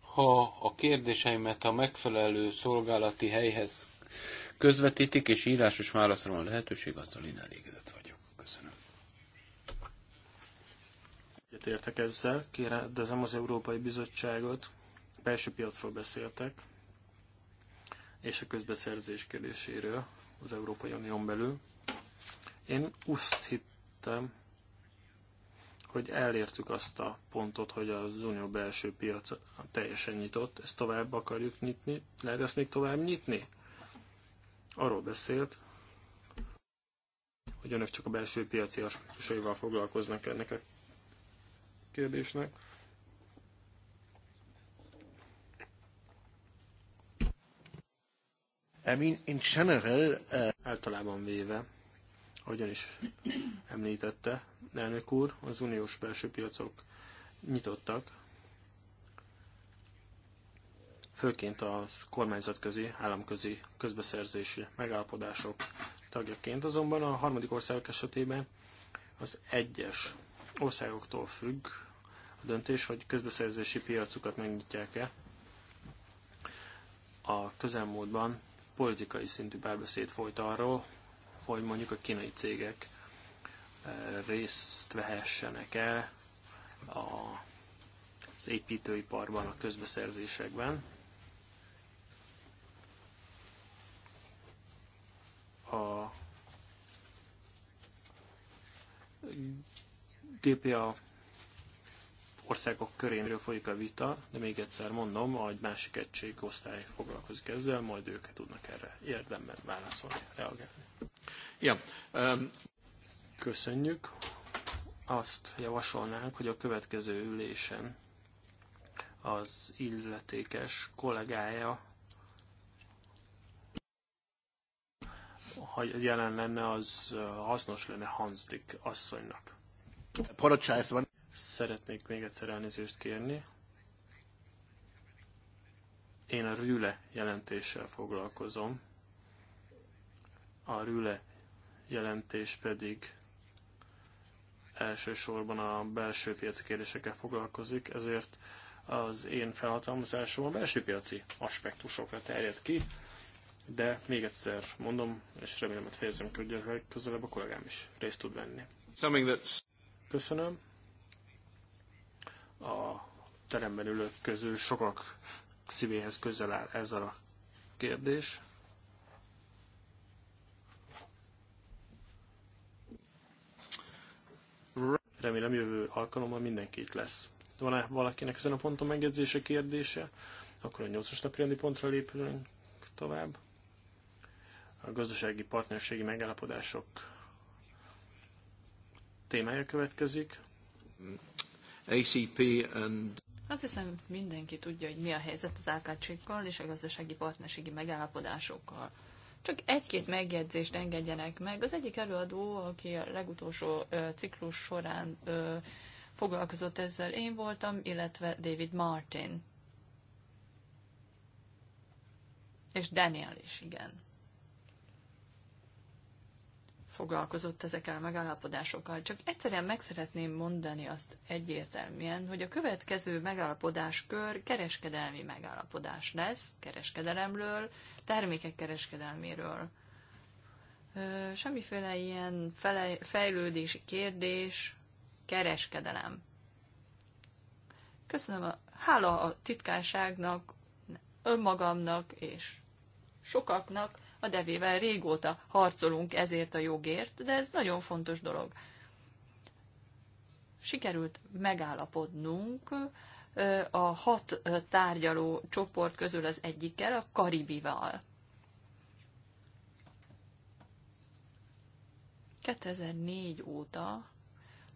ha a kérdéseimet a megfelelő szolgálati helyhez közvetítik, és írásos válaszra van lehetőség, azzal én elég egyetértek ezzel, kérdezem az Európai Bizottságot, belső piacról beszéltek, és a közbeszerzés kérdéséről az Európai Unión belül. Én azt hittem, hogy elértük azt a pontot, hogy az unió belső piac teljesen nyitott, ezt tovább akarjuk nyitni, lehet ezt még tovább nyitni? Arról beszélt, hogy önök csak a belső piaci aspektusaival foglalkoznak ennek a kérdésnek. I mean, in general, uh... Általában véve, ahogyan is említette elnök úr, az uniós belső piacok nyitottak, főként a kormányzatközi, államközi közbeszerzési megállapodások tagjaként. Azonban a harmadik országok esetében az egyes országoktól függ, döntés, hogy közbeszerzési piacukat megnyitják-e. A közelmúltban politikai szintű párbeszéd folyt arról, hogy mondjuk a kínai cégek e, részt vehessenek-e az építőiparban, a közbeszerzésekben. A GPA országok körénről folyik a vita, de még egyszer mondom, a másik egység osztály foglalkozik ezzel, majd ők tudnak erre érdemben válaszolni, reagálni. Ja, um... Köszönjük. Azt javasolnánk, hogy a következő ülésen az illetékes kollégája ha jelen lenne, az uh, hasznos lenne Hans Dick asszonynak. Apologize Szeretnék még egyszer elnézést kérni. Én a Rüle jelentéssel foglalkozom. A Rüle jelentés pedig elsősorban a belső piaci kérdésekkel foglalkozik, ezért az én felhatalmazásom a belső piaci aspektusokra terjed ki, de még egyszer mondom, és remélem, hogy fejezem ki, hogy közelebb a kollégám is részt tud venni. Köszönöm a teremben ülők közül sokak szívéhez közel áll ez a kérdés. Remélem jövő alkalommal mindenki itt lesz. Van-e valakinek ezen a ponton megjegyzése, kérdése? Akkor a 8-as napirendi pontra lépünk tovább. A gazdasági partnerségi megállapodások témája következik. ACP and azt hiszem mindenki tudja, hogy mi a helyzet az akc és a gazdasági partnerségi megállapodásokkal. Csak egy-két megjegyzést engedjenek meg. Az egyik előadó, aki a legutolsó ciklus során foglalkozott ezzel, én voltam, illetve David Martin. És Daniel is, igen foglalkozott ezekkel a megállapodásokkal. Csak egyszerűen meg szeretném mondani azt egyértelműen, hogy a következő megállapodáskör kereskedelmi megállapodás lesz, kereskedelemről, termékek kereskedelméről. Semmiféle ilyen fejlődési kérdés, kereskedelem. Köszönöm a hála a titkárságnak, önmagamnak és sokaknak, a devével régóta harcolunk ezért a jogért, de ez nagyon fontos dolog. Sikerült megállapodnunk a hat tárgyaló csoport közül az egyikkel, a Karibival. 2004 óta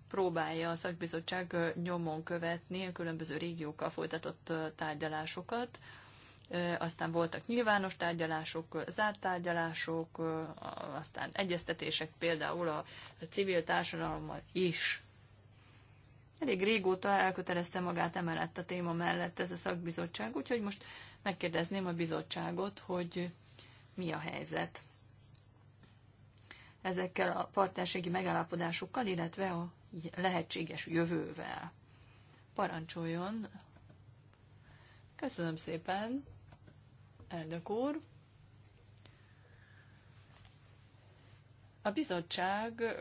próbálja a szakbizottság nyomon követni a különböző régiókkal folytatott tárgyalásokat, aztán voltak nyilvános tárgyalások, zárt tárgyalások, aztán egyeztetések például a civil társadalommal is. Elég régóta elkötelezte magát emellett a téma mellett ez a szakbizottság, úgyhogy most megkérdezném a bizottságot, hogy mi a helyzet ezekkel a partnerségi megállapodásokkal, illetve a lehetséges jövővel. Parancsoljon! Köszönöm szépen! elnök úr. A bizottság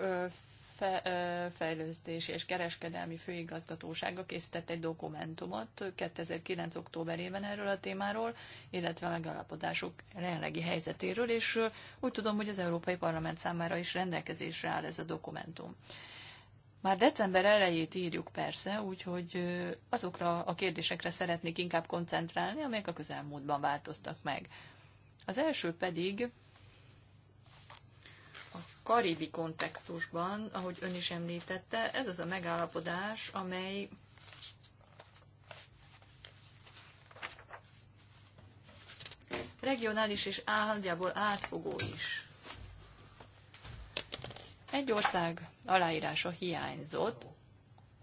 fejlesztési és kereskedelmi főigazgatósága készített egy dokumentumot 2009. októberében erről a témáról, illetve a megállapodások jelenlegi helyzetéről, és úgy tudom, hogy az Európai Parlament számára is rendelkezésre áll ez a dokumentum. Már december elejét írjuk persze, úgyhogy azokra a kérdésekre szeretnék inkább koncentrálni, amelyek a közelmúltban változtak meg. Az első pedig a karibi kontextusban, ahogy ön is említette, ez az a megállapodás, amely regionális és áldjából átfogó is. Egy ország aláírása hiányzott,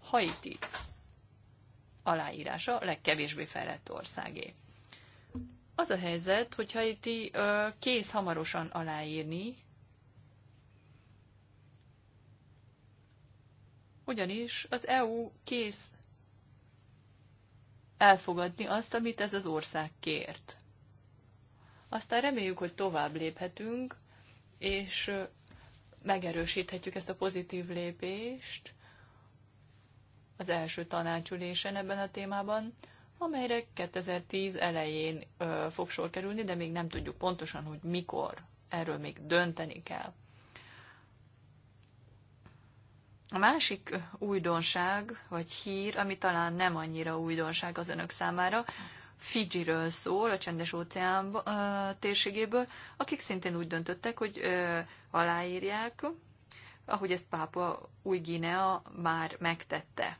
Haiti aláírása legkevésbé felett országé. Az a helyzet, hogy Haiti ö, kész hamarosan aláírni, ugyanis az EU kész elfogadni azt, amit ez az ország kért. Aztán reméljük, hogy tovább léphetünk, és megerősíthetjük ezt a pozitív lépést az első tanácsülésen ebben a témában, amelyre 2010 elején ö, fog sor kerülni, de még nem tudjuk pontosan, hogy mikor. Erről még dönteni kell. A másik újdonság, vagy hír, ami talán nem annyira újdonság az önök számára, Fidzsiről szól, a csendes óceán térségéből, akik szintén úgy döntöttek, hogy aláírják, ahogy ezt Pápa új Guinea már megtette.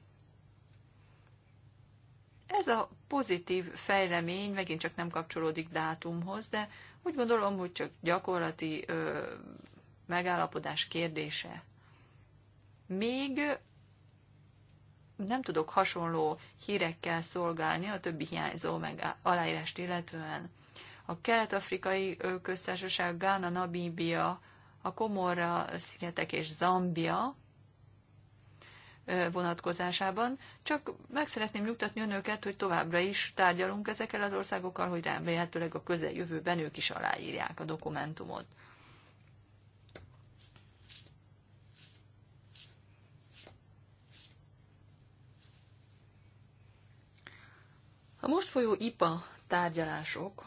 Ez a pozitív fejlemény megint csak nem kapcsolódik dátumhoz, de úgy gondolom, hogy csak gyakorlati ö, megállapodás kérdése. Még nem tudok hasonló hírekkel szolgálni a többi hiányzó meg aláírást illetően. A kelet-afrikai köztársaság Gána, Namíbia, a Komorra szigetek és Zambia vonatkozásában. Csak meg szeretném nyugtatni önöket, hogy továbbra is tárgyalunk ezekkel az országokkal, hogy remélhetőleg a közeljövőben ők is aláírják a dokumentumot. A most folyó IPA tárgyalások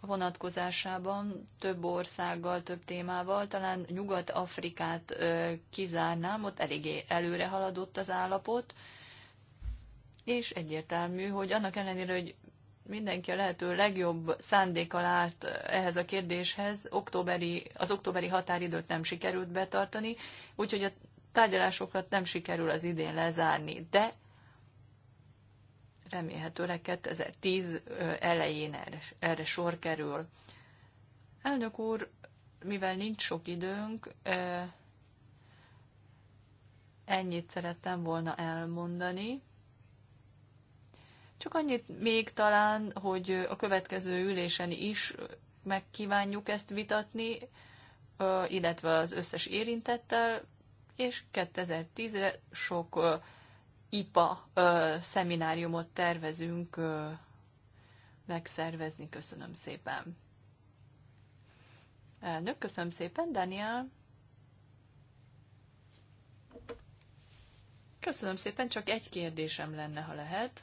vonatkozásában több országgal, több témával, talán Nyugat-Afrikát kizárnám, ott eléggé előre haladott az állapot, és egyértelmű, hogy annak ellenére, hogy mindenki a lehető legjobb szándékkal állt ehhez a kérdéshez, októberi, az októberi határidőt nem sikerült betartani, úgyhogy a tárgyalásokat nem sikerül az idén lezárni, de remélhetőleg 2010 elején erre, erre sor kerül. Elnök úr, mivel nincs sok időnk, ennyit szerettem volna elmondani. Csak annyit még talán, hogy a következő ülésen is megkívánjuk ezt vitatni, illetve az összes érintettel, és 2010-re sok IPA ö, szemináriumot tervezünk ö, megszervezni. Köszönöm szépen. Elnök, köszönöm szépen, Daniel. Köszönöm szépen, csak egy kérdésem lenne, ha lehet.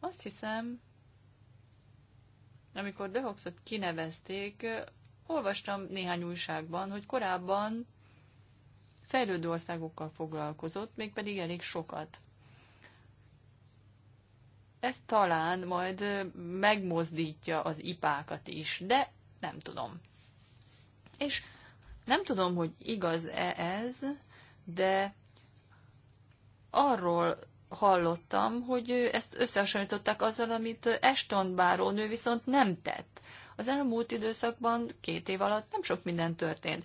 Azt hiszem, amikor Dehoxot kinevezték, olvastam néhány újságban, hogy korábban fejlődő országokkal foglalkozott, mégpedig elég sokat. Ez talán majd megmozdítja az ipákat is, de nem tudom. És nem tudom, hogy igaz-e ez, de arról hallottam, hogy ezt összehasonlították azzal, amit Eston bárónő viszont nem tett. Az elmúlt időszakban két év alatt nem sok minden történt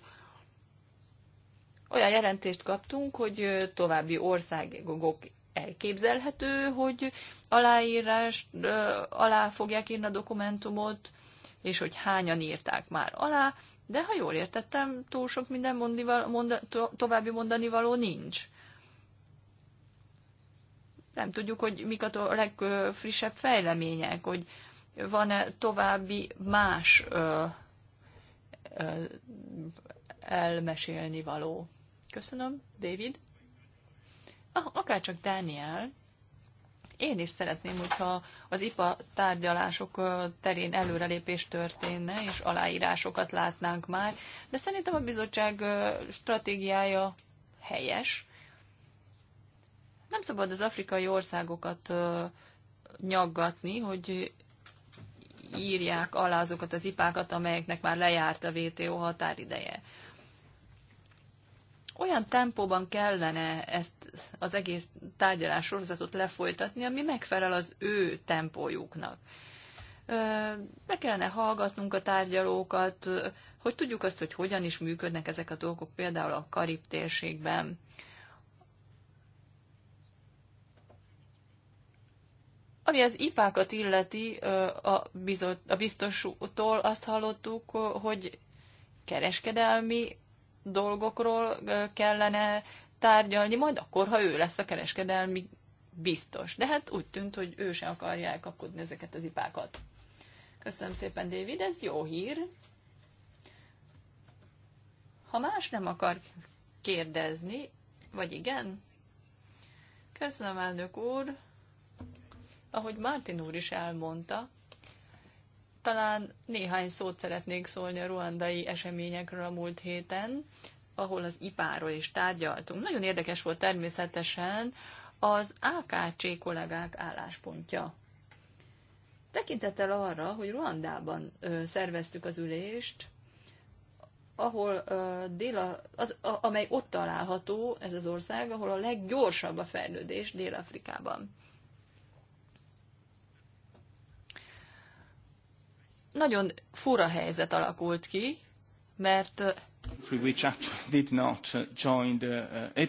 olyan jelentést kaptunk, hogy további országok elképzelhető, hogy aláírás alá fogják írni a dokumentumot, és hogy hányan írták már alá, de ha jól értettem, túl sok minden mondival, monda, to, további mondani való nincs. Nem tudjuk, hogy mik a legfrissebb fejlemények, hogy van-e további más ö, ö, elmesélni való. Köszönöm, David. Ah, akárcsak Daniel, Én is szeretném, hogyha az IPA tárgyalások terén előrelépés történne, és aláírásokat látnánk már, de szerintem a bizottság stratégiája helyes. Nem szabad az afrikai országokat nyaggatni, hogy írják alá azokat az ipákat, amelyeknek már lejárt a WTO határideje olyan tempóban kellene ezt az egész tárgyalás sorozatot lefolytatni, ami megfelel az ő tempójuknak. Be kellene hallgatnunk a tárgyalókat, hogy tudjuk azt, hogy hogyan is működnek ezek a dolgok, például a Karib térségben. Ami az ipákat illeti, a, bizot, a azt hallottuk, hogy kereskedelmi dolgokról kellene tárgyalni, majd akkor, ha ő lesz a kereskedelmi biztos. De hát úgy tűnt, hogy ő sem akarja elkapkodni ezeket az ipákat. Köszönöm szépen, David, ez jó hír. Ha más nem akar kérdezni, vagy igen? Köszönöm, elnök úr. Ahogy Martin úr is elmondta, talán néhány szót szeretnék szólni a ruandai eseményekről a múlt héten, ahol az ipáról is tárgyaltunk. Nagyon érdekes volt természetesen az AKC kollégák álláspontja. Tekintettel arra, hogy Ruandában ö, szerveztük az ülést, ahol ö, Déla, az, a, amely ott található, ez az ország, ahol a leggyorsabb a fejlődés Dél-Afrikában. nagyon fura helyzet alakult ki, mert uh, uh,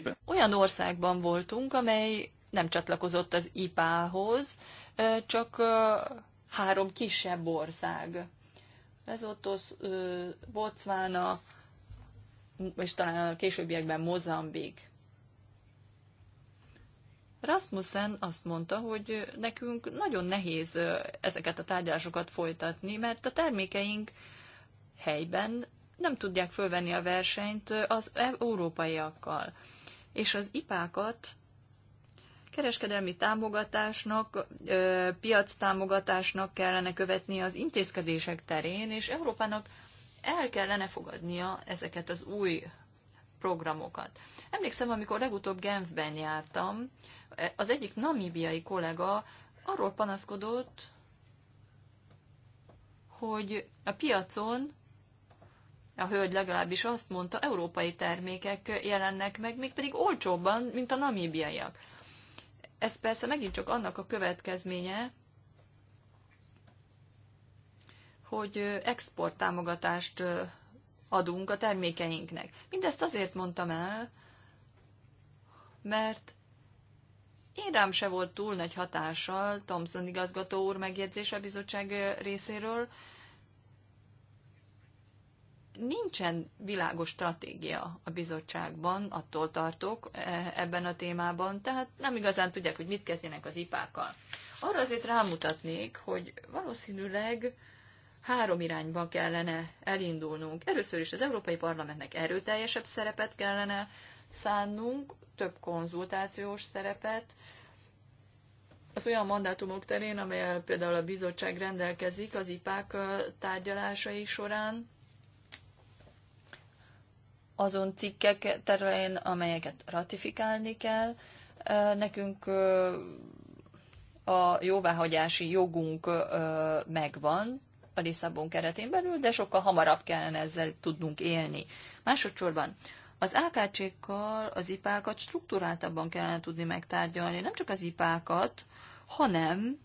e. olyan országban voltunk, amely nem csatlakozott az IPA-hoz, csak három kisebb ország. az Botswana, és talán a későbbiekben Mozambik. Rasmussen azt mondta, hogy nekünk nagyon nehéz ezeket a tárgyalásokat folytatni, mert a termékeink helyben nem tudják fölvenni a versenyt az e- európaiakkal. És az ipákat kereskedelmi támogatásnak, piac támogatásnak kellene követni az intézkedések terén, és Európának el kellene fogadnia ezeket az új programokat. Emlékszem, amikor legutóbb Genfben jártam, az egyik namíbiai kollega arról panaszkodott, hogy a piacon, a hölgy legalábbis azt mondta, európai termékek jelennek meg, még pedig olcsóbban, mint a namíbiaiak. Ez persze megint csak annak a következménye, hogy exporttámogatást adunk a termékeinknek. Mindezt azért mondtam el, mert én rám se volt túl nagy hatással Thompson igazgató úr megjegyzése a bizottság részéről. Nincsen világos stratégia a bizottságban, attól tartok e, ebben a témában, tehát nem igazán tudják, hogy mit kezdjenek az ipákkal. Arra azért rámutatnék, hogy valószínűleg három irányba kellene elindulnunk. Először is az Európai Parlamentnek erőteljesebb szerepet kellene szánnunk, több konzultációs szerepet, az olyan mandátumok terén, amelyel például a bizottság rendelkezik az IPÁK tárgyalásai során, azon cikkek terén, amelyeket ratifikálni kell, nekünk a jóváhagyási jogunk megvan a Lisszabon keretén belül, de sokkal hamarabb kellene ezzel tudnunk élni. Másodszorban az AKC-kkal az ipákat struktúráltabban kellene tudni megtárgyalni, nem csak az ipákat, hanem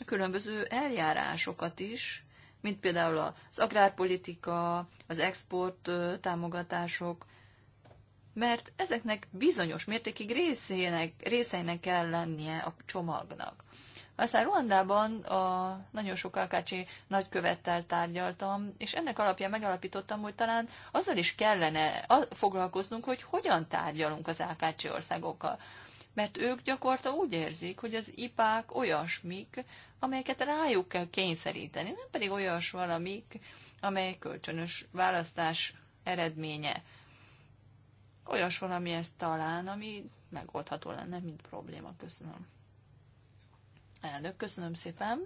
a különböző eljárásokat is, mint például az agrárpolitika, az export támogatások, mert ezeknek bizonyos mértékig részének, részeinek kell lennie a csomagnak. Aztán Ruandában a nagyon sok Akácsi nagykövettel tárgyaltam, és ennek alapján megalapítottam, hogy talán azzal is kellene foglalkoznunk, hogy hogyan tárgyalunk az Akácsi országokkal. Mert ők gyakorta úgy érzik, hogy az ipák olyasmik, amelyeket rájuk kell kényszeríteni, nem pedig olyas valamik, amely kölcsönös választás eredménye. Olyas valami ez talán, ami megoldható lenne, mint probléma. Köszönöm. Elnök, köszönöm szépen.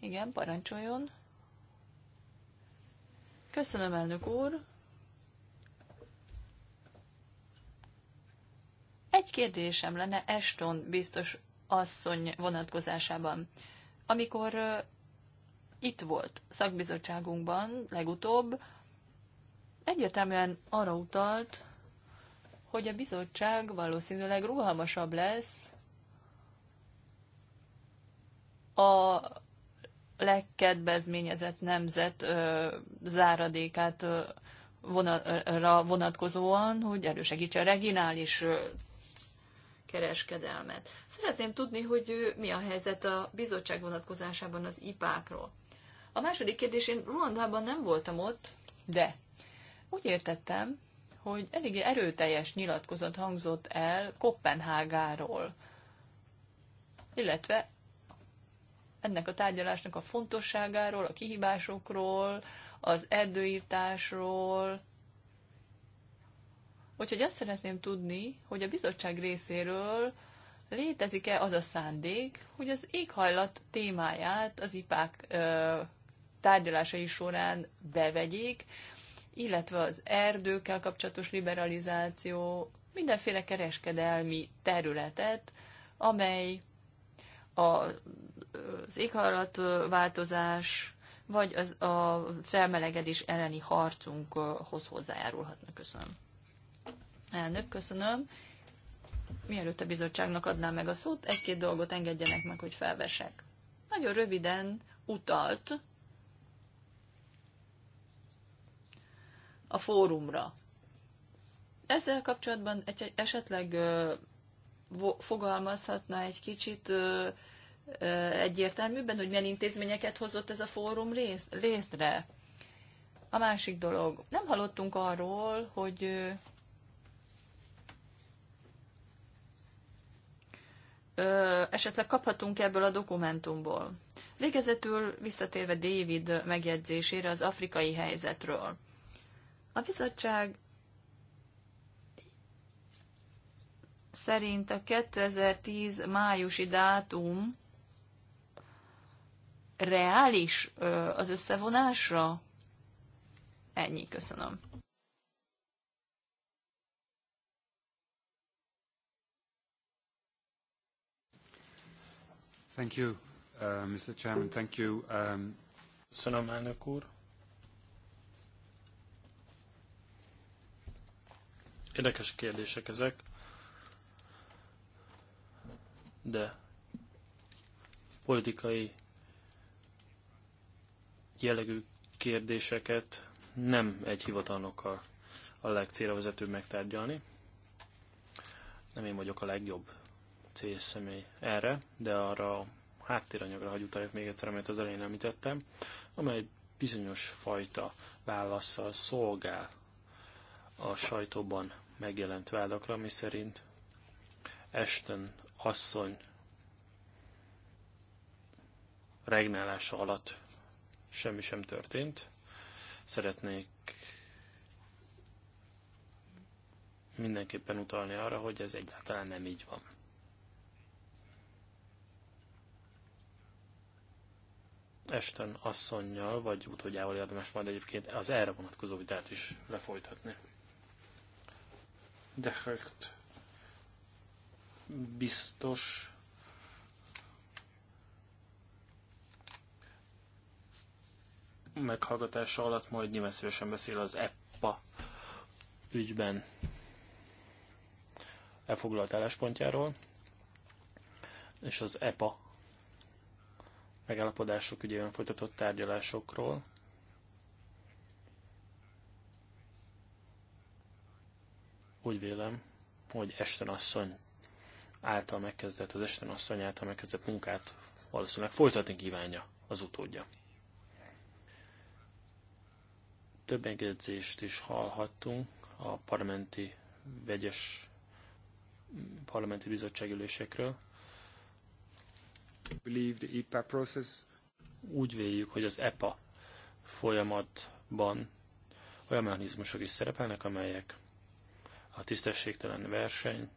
Igen, parancsoljon. Köszönöm, elnök úr. Egy kérdésem lenne Eston biztos asszony vonatkozásában. Amikor itt volt szakbizottságunkban legutóbb, egyértelműen arra utalt, hogy a bizottság valószínűleg rugalmasabb lesz a legkedvezményezett nemzet ö, záradékát ö, vonatra vonatkozóan, hogy elősegítse a regionális ö, kereskedelmet. Szeretném tudni, hogy mi a helyzet a bizottság vonatkozásában az ipákról. A második kérdés, én Ruandában nem voltam ott, de úgy értettem, hogy eléggé erőteljes nyilatkozat hangzott el Kopenhágáról, illetve ennek a tárgyalásnak a fontosságáról, a kihívásokról, az erdőírtásról. Úgyhogy azt szeretném tudni, hogy a bizottság részéről létezik-e az a szándék, hogy az éghajlat témáját az IPÁK ö, tárgyalásai során bevegyék, illetve az erdőkkel kapcsolatos liberalizáció, mindenféle kereskedelmi területet, amely az változás vagy az, a felmelegedés elleni harcunkhoz hozzájárulhatnak. Köszönöm. Elnök, köszönöm. Mielőtt a bizottságnak adnám meg a szót, egy-két dolgot engedjenek meg, hogy felvesek. Nagyon röviden utalt a fórumra. Ezzel kapcsolatban egy, esetleg fogalmazhatna egy kicsit egyértelműbben, hogy milyen intézményeket hozott ez a fórum rész, részre. A másik dolog, nem hallottunk arról, hogy ö, esetleg kaphatunk ebből a dokumentumból. Végezetül visszatérve David megjegyzésére az afrikai helyzetről. A bizottság szerint a 2010 májusi dátum reális az összevonásra? Ennyi, köszönöm. Thank you, uh, Mr. Chairman. Thank you. Um... Köszönöm, elnök úr. Érdekes kérdések ezek, de politikai jellegű kérdéseket nem egy hivatalnokkal a legcélra vezető megtárgyalni. Nem én vagyok a legjobb célszemély erre, de arra a háttéranyagra hagy utaljak még egyszer, amit az elején említettem, amely bizonyos fajta válaszsal szolgál a sajtóban megjelent vádakra, ami szerint Esten asszony regnálása alatt semmi sem történt. Szeretnék mindenképpen utalni arra, hogy ez egyáltalán nem így van. Esten asszonynal, vagy utódjával érdemes majd egyébként az erre vonatkozó vitát is lefolytatni. Dehert biztos meghallgatása alatt majd nyilván szívesen beszél az EPPA ügyben elfoglalt álláspontjáról, és az EPA megállapodások ügyében folytatott tárgyalásokról. Úgy vélem, hogy Esten asszony által megkezdett, az Esten asszony által megkezdett munkát valószínűleg folytatni kívánja az utódja. Több megjegyzést is hallhattunk a parlamenti vegyes parlamenti bizottságülésekről. E Úgy véljük, hogy az EPA folyamatban olyan mechanizmusok is szerepelnek, amelyek a tisztességtelen verseny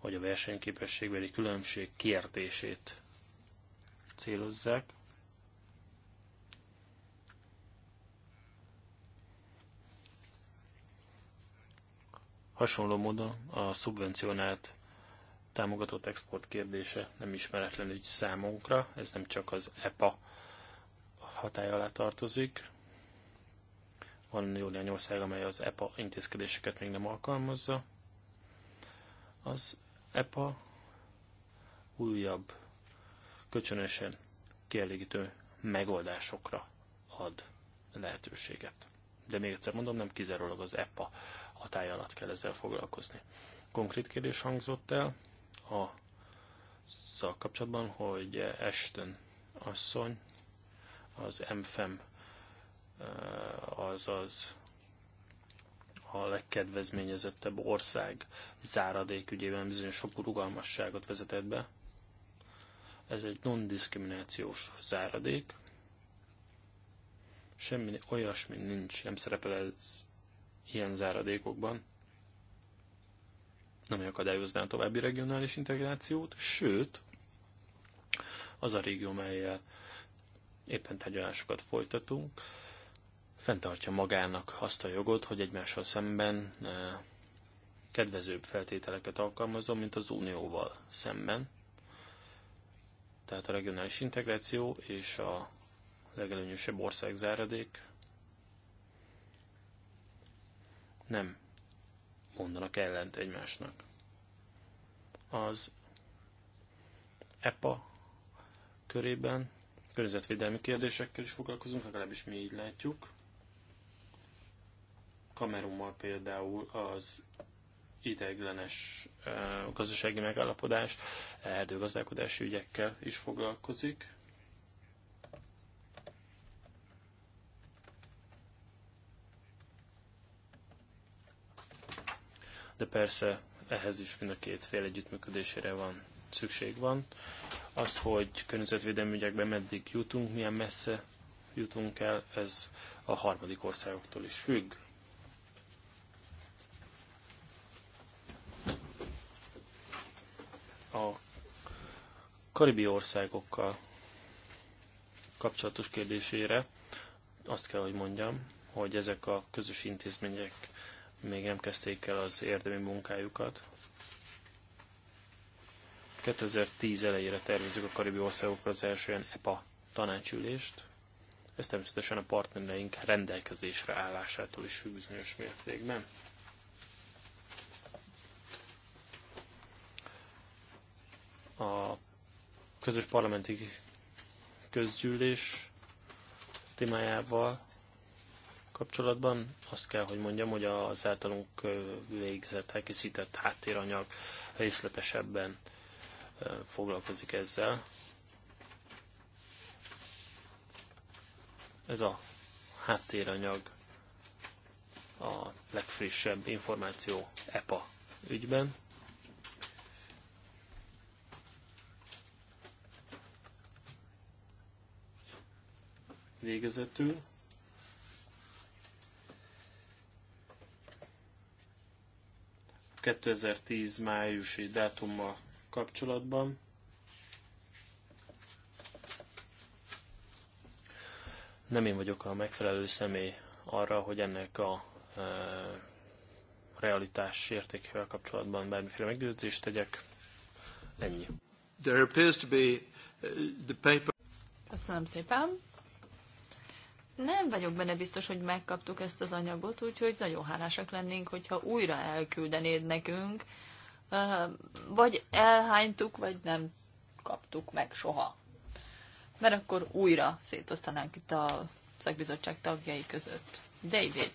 vagy a versenyképességbeli különbség kérdését célozzák. Hasonló módon a szubvencionált támogatott export kérdése nem ismeretlen ügy számunkra, ez nem csak az EPA hatály alá tartozik. Van jó néhány ország, amely az EPA intézkedéseket még nem alkalmazza. Az EPA újabb, kölcsönösen kielégítő megoldásokra ad lehetőséget. De még egyszer mondom, nem kizárólag az EPA hatály alatt kell ezzel foglalkozni. Konkrét kérdés hangzott el a szak kapcsolatban, hogy Ashton asszony az MFM e eh, azaz a legkedvezményezettebb ország záradék ügyében bizonyos sokú rugalmasságot vezetett be. Ez egy non-diszkriminációs záradék. Semmi olyasmi nincs, nem szerepel ez ilyen záradékokban nem akadályozná további regionális integrációt, sőt, az a régió, melyel éppen tárgyalásokat folytatunk, fenntartja magának azt a jogot, hogy egymással szemben eh, kedvezőbb feltételeket alkalmazom, mint az Unióval szemben. Tehát a regionális integráció és a legelőnyösebb ország záradék nem mondanak ellent egymásnak. Az EPA körében környezetvédelmi kérdésekkel is foglalkozunk, legalábbis mi így látjuk. Kamerummal például az ideiglenes eh, gazdasági megállapodás erdőgazdálkodási ügyekkel is foglalkozik. de persze ehhez is mind a két fél együttműködésére van szükség van. Az, hogy környezetvédelmi ügyekben meddig jutunk, milyen messze jutunk el, ez a harmadik országoktól is függ. A karibi országokkal kapcsolatos kérdésére azt kell, hogy mondjam, hogy ezek a közös intézmények még nem kezdték el az érdemi munkájukat. 2010 elejére tervezzük a karibi országokra az első ilyen EPA tanácsülést. Ez természetesen a partnereink rendelkezésre állásától is függ bizonyos mértékben. A közös parlamenti közgyűlés témájával kapcsolatban azt kell, hogy mondjam, hogy az általunk végzett, elkészített háttéranyag részletesebben foglalkozik ezzel. Ez a háttéranyag a legfrissebb információ EPA ügyben. Végezetül 2010 májusi dátummal kapcsolatban. Nem én vagyok a megfelelő személy arra, hogy ennek a e, realitás értékével kapcsolatban bármiféle meggyőzést tegyek. Ennyi. There appears to be uh, the paper. Köszönöm szépen nem vagyok benne biztos, hogy megkaptuk ezt az anyagot, úgyhogy nagyon hálásak lennénk, hogyha újra elküldenéd nekünk, vagy elhánytuk, vagy nem kaptuk meg soha. Mert akkor újra szétosztanánk itt a szakbizottság tagjai között. David,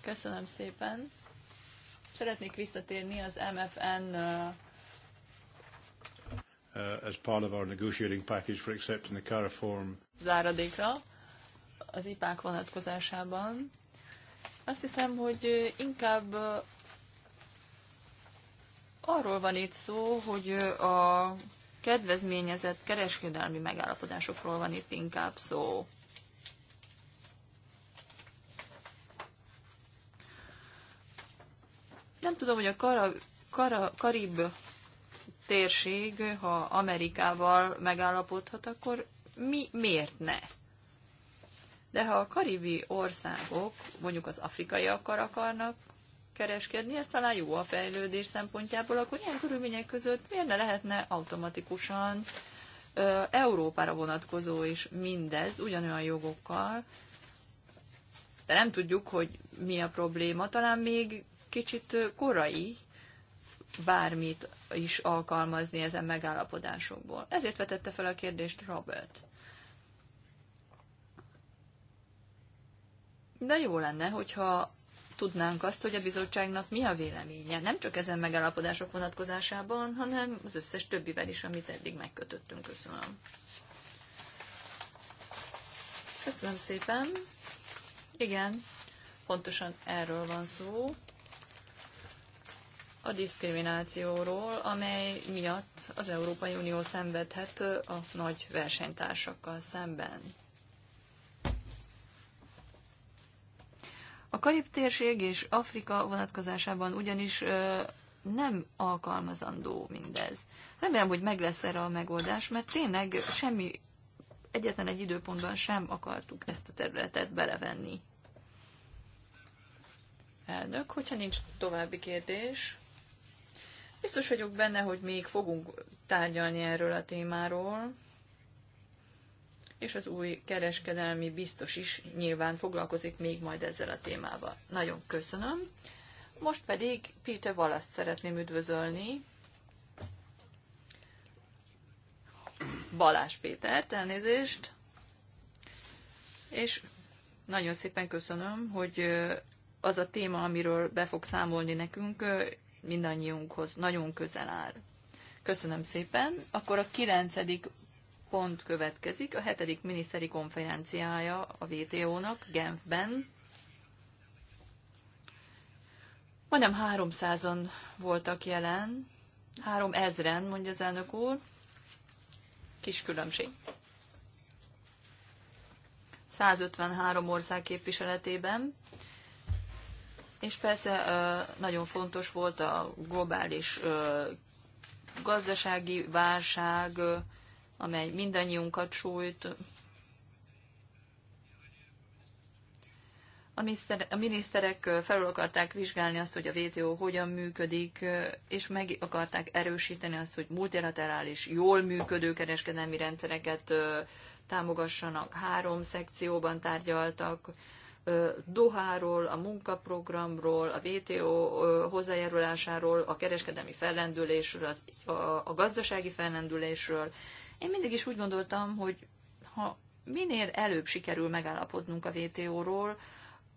köszönöm szépen. Szeretnék visszatérni az MFN uh, as part of our negotiating package for accepting the CARIFORM záradékra az ipák vonatkozásában. Azt hiszem, hogy inkább arról van itt szó, hogy a kedvezményezett kereskedelmi megállapodásokról van itt inkább szó. Nem tudom, hogy a Kara, Kara, Karib térség, ha Amerikával megállapodhat, akkor mi miért ne? de ha a karibi országok, mondjuk az afrikaiakkal akarnak kereskedni, ez talán jó a fejlődés szempontjából, akkor ilyen körülmények között miért ne lehetne automatikusan ö, Európára vonatkozó is mindez, ugyanolyan jogokkal, de nem tudjuk, hogy mi a probléma, talán még kicsit korai bármit is alkalmazni ezen megállapodásokból. Ezért vetette fel a kérdést Robert. de jó lenne, hogyha tudnánk azt, hogy a bizottságnak mi a véleménye, nem csak ezen megállapodások vonatkozásában, hanem az összes többivel is, amit eddig megkötöttünk. Köszönöm. Köszönöm szépen. Igen, pontosan erről van szó. A diszkriminációról, amely miatt az Európai Unió szenvedhet a nagy versenytársakkal szemben. A Karib térség és Afrika vonatkozásában ugyanis nem alkalmazandó mindez. Remélem, hogy meg lesz erre a megoldás, mert tényleg semmi, egyetlen egy időpontban sem akartuk ezt a területet belevenni. Elnök, hogyha nincs további kérdés, biztos vagyok benne, hogy még fogunk tárgyalni erről a témáról és az új kereskedelmi biztos is nyilván foglalkozik még majd ezzel a témával. Nagyon köszönöm. Most pedig Peter Wallace szeretném üdvözölni. Balás Pétert, elnézést. És nagyon szépen köszönöm, hogy az a téma, amiről be fog számolni nekünk, mindannyiunkhoz nagyon közel áll. Köszönöm szépen. Akkor a kilencedik pont következik, a hetedik miniszteri konferenciája a WTO-nak Genfben. Majdnem 300-an voltak jelen, 3000-en, mondja az elnök úr. Kis különbség. 153 ország képviseletében, és persze nagyon fontos volt a globális gazdasági válság, amely mindannyiunkat sújt. A miniszterek felül akarták vizsgálni azt, hogy a WTO hogyan működik, és meg akarták erősíteni azt, hogy multilaterális, jól működő kereskedelmi rendszereket támogassanak. Három szekcióban tárgyaltak, Doháról, a munkaprogramról, a WTO hozzájárulásáról, a kereskedelmi fellendülésről, a gazdasági fellendülésről, én mindig is úgy gondoltam, hogy ha minél előbb sikerül megállapodnunk a WTO-ról,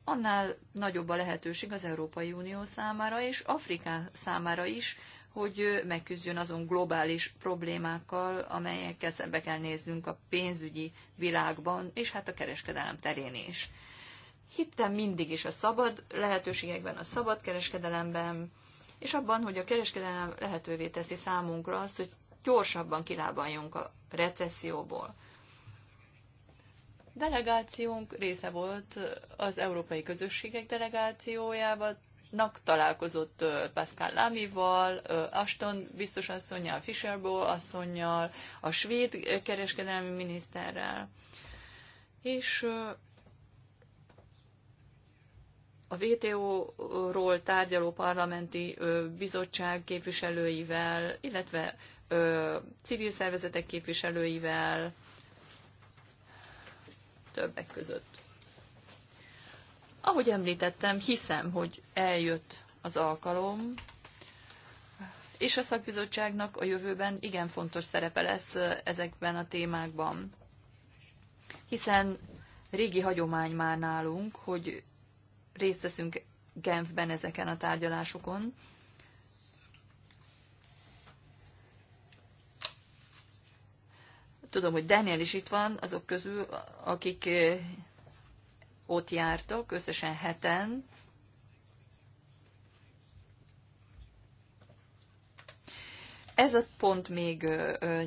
annál nagyobb a lehetőség az Európai Unió számára és Afrika számára is, hogy megküzdjön azon globális problémákkal, amelyekkel szembe kell néznünk a pénzügyi világban, és hát a kereskedelem terén is. Hittem mindig is a szabad lehetőségekben, a szabad kereskedelemben, és abban, hogy a kereskedelem lehetővé teszi számunkra azt, hogy gyorsabban kilábaljunk a recesszióból. Delegációnk része volt az Európai Közösségek delegációjában, nak találkozott Pascal Lamival, Aston biztos asszonyjal, Fisherból asszonyjal, a svéd kereskedelmi miniszterrel, és a WTO-ról tárgyaló parlamenti bizottság képviselőivel, illetve ö, civil szervezetek képviselőivel, többek között. Ahogy említettem, hiszem, hogy eljött az alkalom, és a szakbizottságnak a jövőben igen fontos szerepe lesz ezekben a témákban. Hiszen régi hagyomány már nálunk, hogy részt veszünk Genfben ezeken a tárgyalásokon, Tudom, hogy Daniel is itt van, azok közül, akik ott jártak, összesen heten. Ez a pont még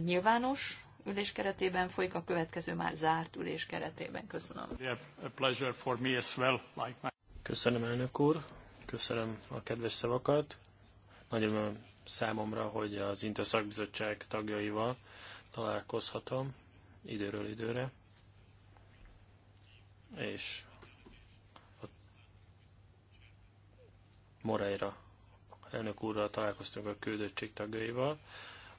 nyilvános ülés keretében folyik, a következő már zárt ülés keretében. Köszönöm. Köszönöm, elnök úr. Köszönöm a kedves szavakat. Nagyon számomra, hogy az Interszakbizottság tagjaival találkozhatom időről időre, és a Moreira elnök úrral találkoztunk a küldöttség tagjaival,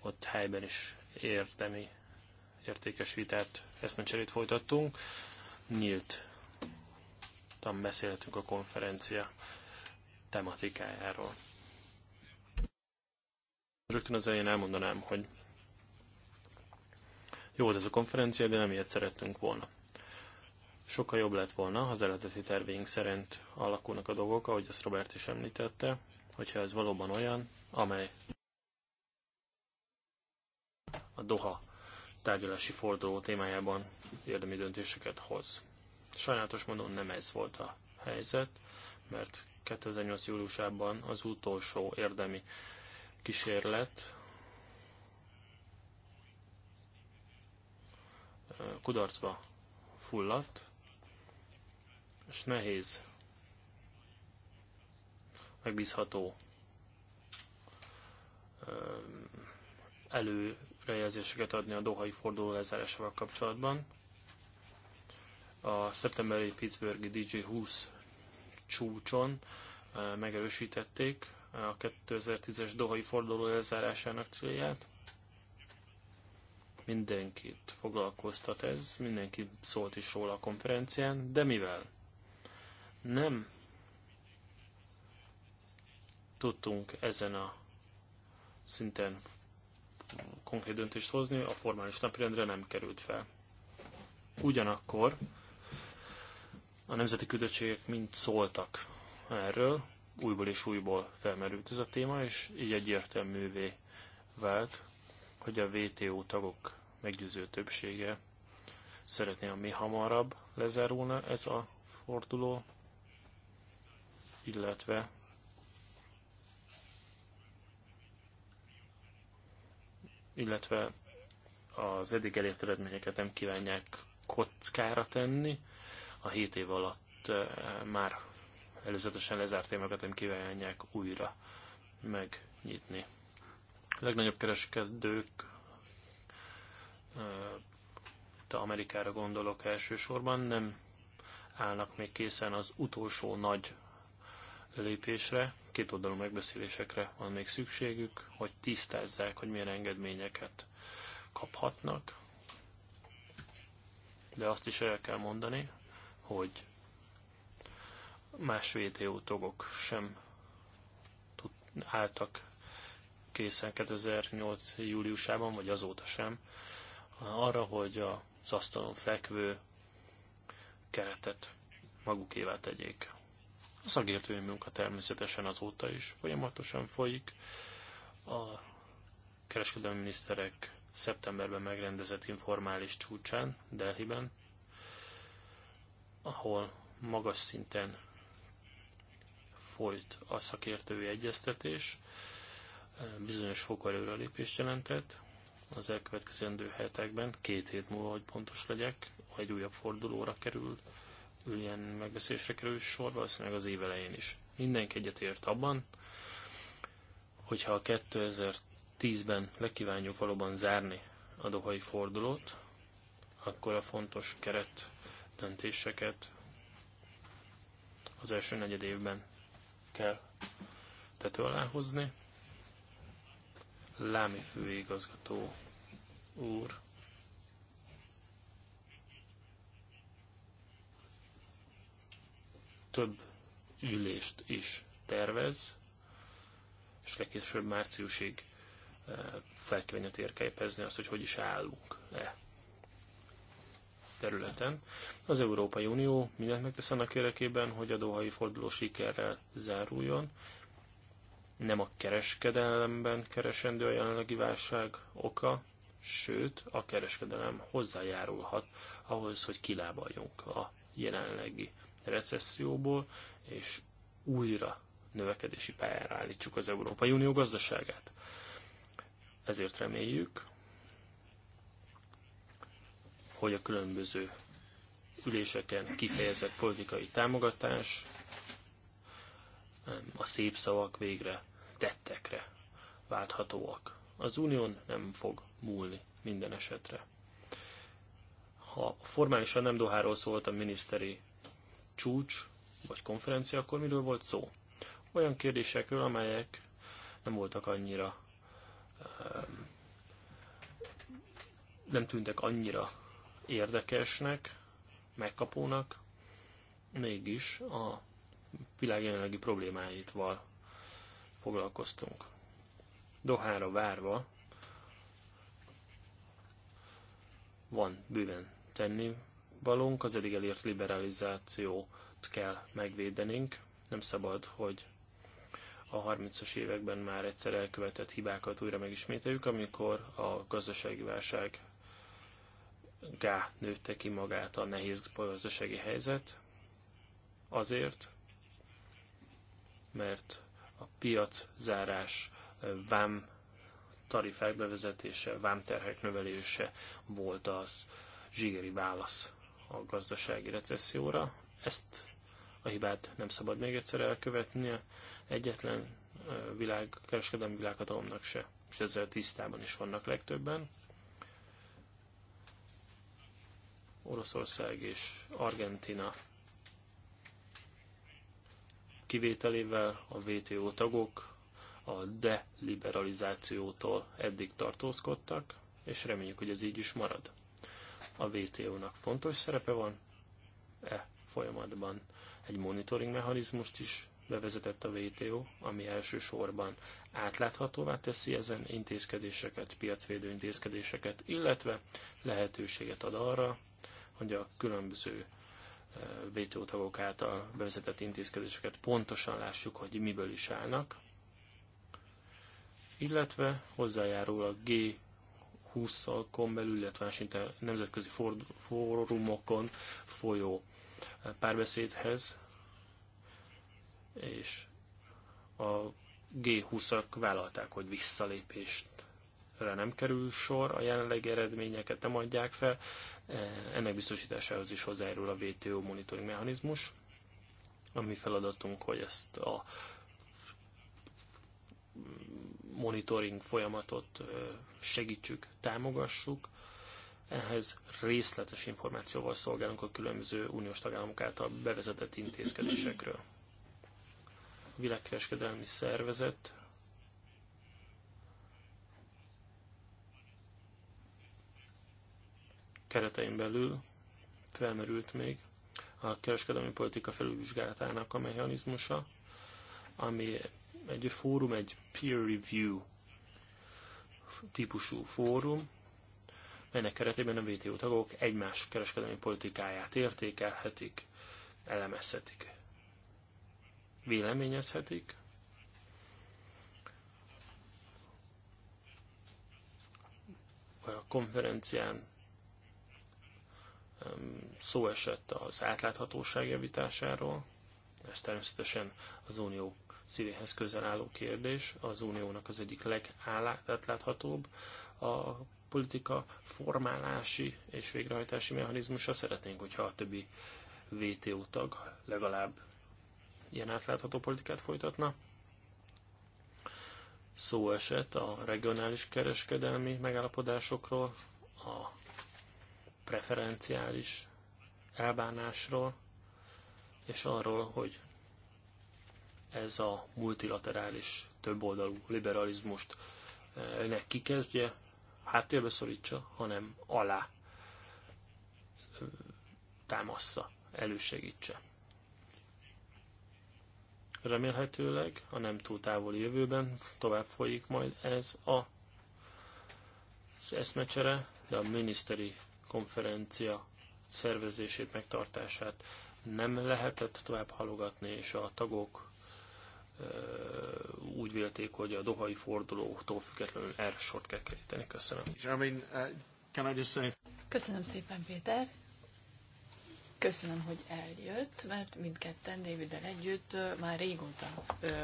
ott helyben is értemi értékes vitát, eszmecserét folytattunk. Nyílt tam beszéltünk a konferencia tematikájáról. Rögtön az elején elmondanám, hogy jó volt ez a konferencia, de nem ilyet szerettünk volna. Sokkal jobb lett volna, ha az eredeti terveink szerint alakulnak a dolgok, ahogy azt Robert is említette, hogyha ez valóban olyan, amely a Doha tárgyalási forduló témájában érdemi döntéseket hoz. Sajnálatos módon nem ez volt a helyzet, mert 2008. júliusában az utolsó érdemi kísérlet kudarcba fulladt, és nehéz megbízható előrejelzéseket adni a dohai forduló lezárásával kapcsolatban. A szeptemberi Pittsburghi DJ20 csúcson megerősítették a 2010-es dohai forduló lezárásának célját. Mindenkit foglalkoztat ez, mindenki szólt is róla a konferencián, de mivel nem tudtunk ezen a szinten konkrét döntést hozni, a formális napirendre nem került fel. Ugyanakkor a nemzeti küldöttségek mind szóltak erről, újból és újból felmerült ez a téma, és így egyértelművé vált, hogy a WTO tagok meggyőző többsége szeretné, ha mi hamarabb lezárulna ez a forduló, illetve illetve az eddig elért eredményeket nem kívánják kockára tenni. A 7 év alatt eh, már előzetesen lezárt témákat nem kívánják újra megnyitni. A legnagyobb kereskedők Amerikára gondolok elsősorban, nem állnak még készen az utolsó nagy lépésre, két oldalú megbeszélésekre van még szükségük, hogy tisztázzák, hogy milyen engedményeket kaphatnak. De azt is el kell mondani, hogy más VTO tagok sem tud, álltak készen 2008. júliusában, vagy azóta sem, arra, hogy az asztalon fekvő keretet magukévá tegyék. A szakértői munka természetesen azóta is folyamatosan folyik. A kereskedelmi miniszterek szeptemberben megrendezett informális csúcsán, Delhiben, ahol magas szinten folyt a szakértői egyeztetés, bizonyos fokú előrelépést jelentett, az elkövetkezendő hetekben, két hét múlva, hogy pontos legyek, egy újabb fordulóra kerül, ilyen megbeszélésre kerül sor, valószínűleg az év elején is. Mindenki egyetért abban, hogyha a 2010-ben lekívánjuk valóban zárni a dohai fordulót, akkor a fontos keret döntéseket az első negyed évben kell tető alá hozni. Lámi főigazgató úr. Több ülést is tervez, és legkésőbb márciusig eh, fel kívánja térképezni azt, hogy hogy is állunk-e területen. Az Európai Unió mindent megtesz annak érdekében, hogy a Dohai forduló sikerrel záruljon, nem a kereskedelemben keresendő a jelenlegi válság oka, sőt, a kereskedelem hozzájárulhat ahhoz, hogy kilábaljunk a jelenlegi recesszióból, és újra növekedési pályára állítsuk az Európai Unió gazdaságát. Ezért reméljük, hogy a különböző üléseken kifejezett politikai támogatás, a szép szavak végre tettekre válthatóak. Az unión nem fog múlni minden esetre. Ha formálisan nem Doháról szólt a miniszteri csúcs vagy konferencia, akkor miről volt szó? Olyan kérdésekről, amelyek nem voltak annyira nem tűntek annyira érdekesnek, megkapónak, mégis a világ jelenlegi problémáitval foglalkoztunk. Dohára várva van bőven tenni valunk, az eddig elért liberalizációt kell megvédenünk. Nem szabad, hogy a 30-as években már egyszer elkövetett hibákat újra megismételjük, amikor a gazdasági válság gá nőtte ki magát a nehéz gazdasági helyzet, azért, mert a piaczárás, vám tarifák bevezetése, vámterhek növelése volt az zsigeri válasz a gazdasági recesszióra. Ezt a hibát nem szabad még egyszer elkövetni egyetlen világ, kereskedelmi világhatalomnak se, és ezzel tisztában is vannak legtöbben. Oroszország és Argentina kivételével a WTO tagok a deliberalizációtól eddig tartózkodtak, és reméljük, hogy ez így is marad. A WTO-nak fontos szerepe van, e folyamatban egy monitoring mechanizmust is bevezetett a WTO, ami elsősorban átláthatóvá teszi ezen intézkedéseket, piacvédő intézkedéseket, illetve lehetőséget ad arra, hogy a különböző WTO tagok által bevezetett intézkedéseket pontosan lássuk, hogy miből is állnak, illetve hozzájárul a G20-kon belül, illetve más nemzetközi fórumokon folyó párbeszédhez, és a G20-ak vállalták, hogy visszalépést erre nem kerül sor, a jelenlegi eredményeket nem adják fel, e, ennek biztosításához is hozzájárul a WTO monitoring mechanizmus. A mi feladatunk, hogy ezt a monitoring folyamatot e, segítsük, támogassuk. Ehhez részletes információval szolgálunk a különböző uniós tagállamok által bevezetett intézkedésekről. A világkereskedelmi szervezet keretein belül felmerült még a kereskedelmi politika felülvizsgálatának a mechanizmusa, ami egy fórum, egy peer review típusú fórum, melynek keretében a WTO tagok egymás kereskedelmi politikáját értékelhetik, elemezhetik, véleményezhetik, a konferencián Szó esett az átláthatóság javításáról, ez természetesen az unió szívéhez közel álló kérdés, az uniónak az egyik legátláthatóbb a politika formálási és végrehajtási mechanizmusa. Szeretnénk, hogyha a többi VTO tag legalább ilyen átlátható politikát folytatna. Szó esett a regionális kereskedelmi megállapodásokról, a preferenciális elbánásról, és arról, hogy ez a multilaterális többoldalú liberalizmust eh, ne kikezdje, háttérbe szorítsa, hanem alá eh, támassza, elősegítse. Remélhetőleg a nem túl távoli jövőben tovább folyik majd ez a az eszmecsere, de a miniszteri konferencia szervezését, megtartását nem lehetett tovább halogatni, és a tagok úgy vélték, hogy a dohai fordulótól függetlenül erre sort kell keríteni. Köszönöm. Uh, Köszönöm szépen, Péter. Köszönöm, hogy eljött, mert mindketten Daviddel együtt már régóta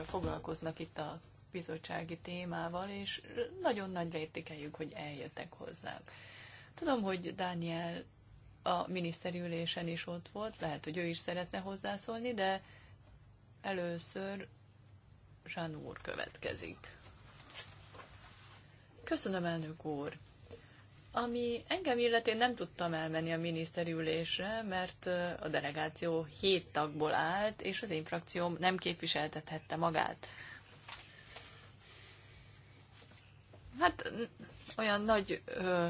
foglalkoznak itt a bizottsági témával, és nagyon nagy értékeljük, hogy eljöttek hozzánk. Tudom, hogy Dániel a miniszteri ülésen is ott volt, lehet, hogy ő is szeretne hozzászólni, de először Zsán úr következik. Köszönöm, elnök úr! Ami engem illetén nem tudtam elmenni a miniszteri ülésre, mert a delegáció hét tagból állt, és az én frakcióm nem képviseltethette magát. Hát olyan nagy ö,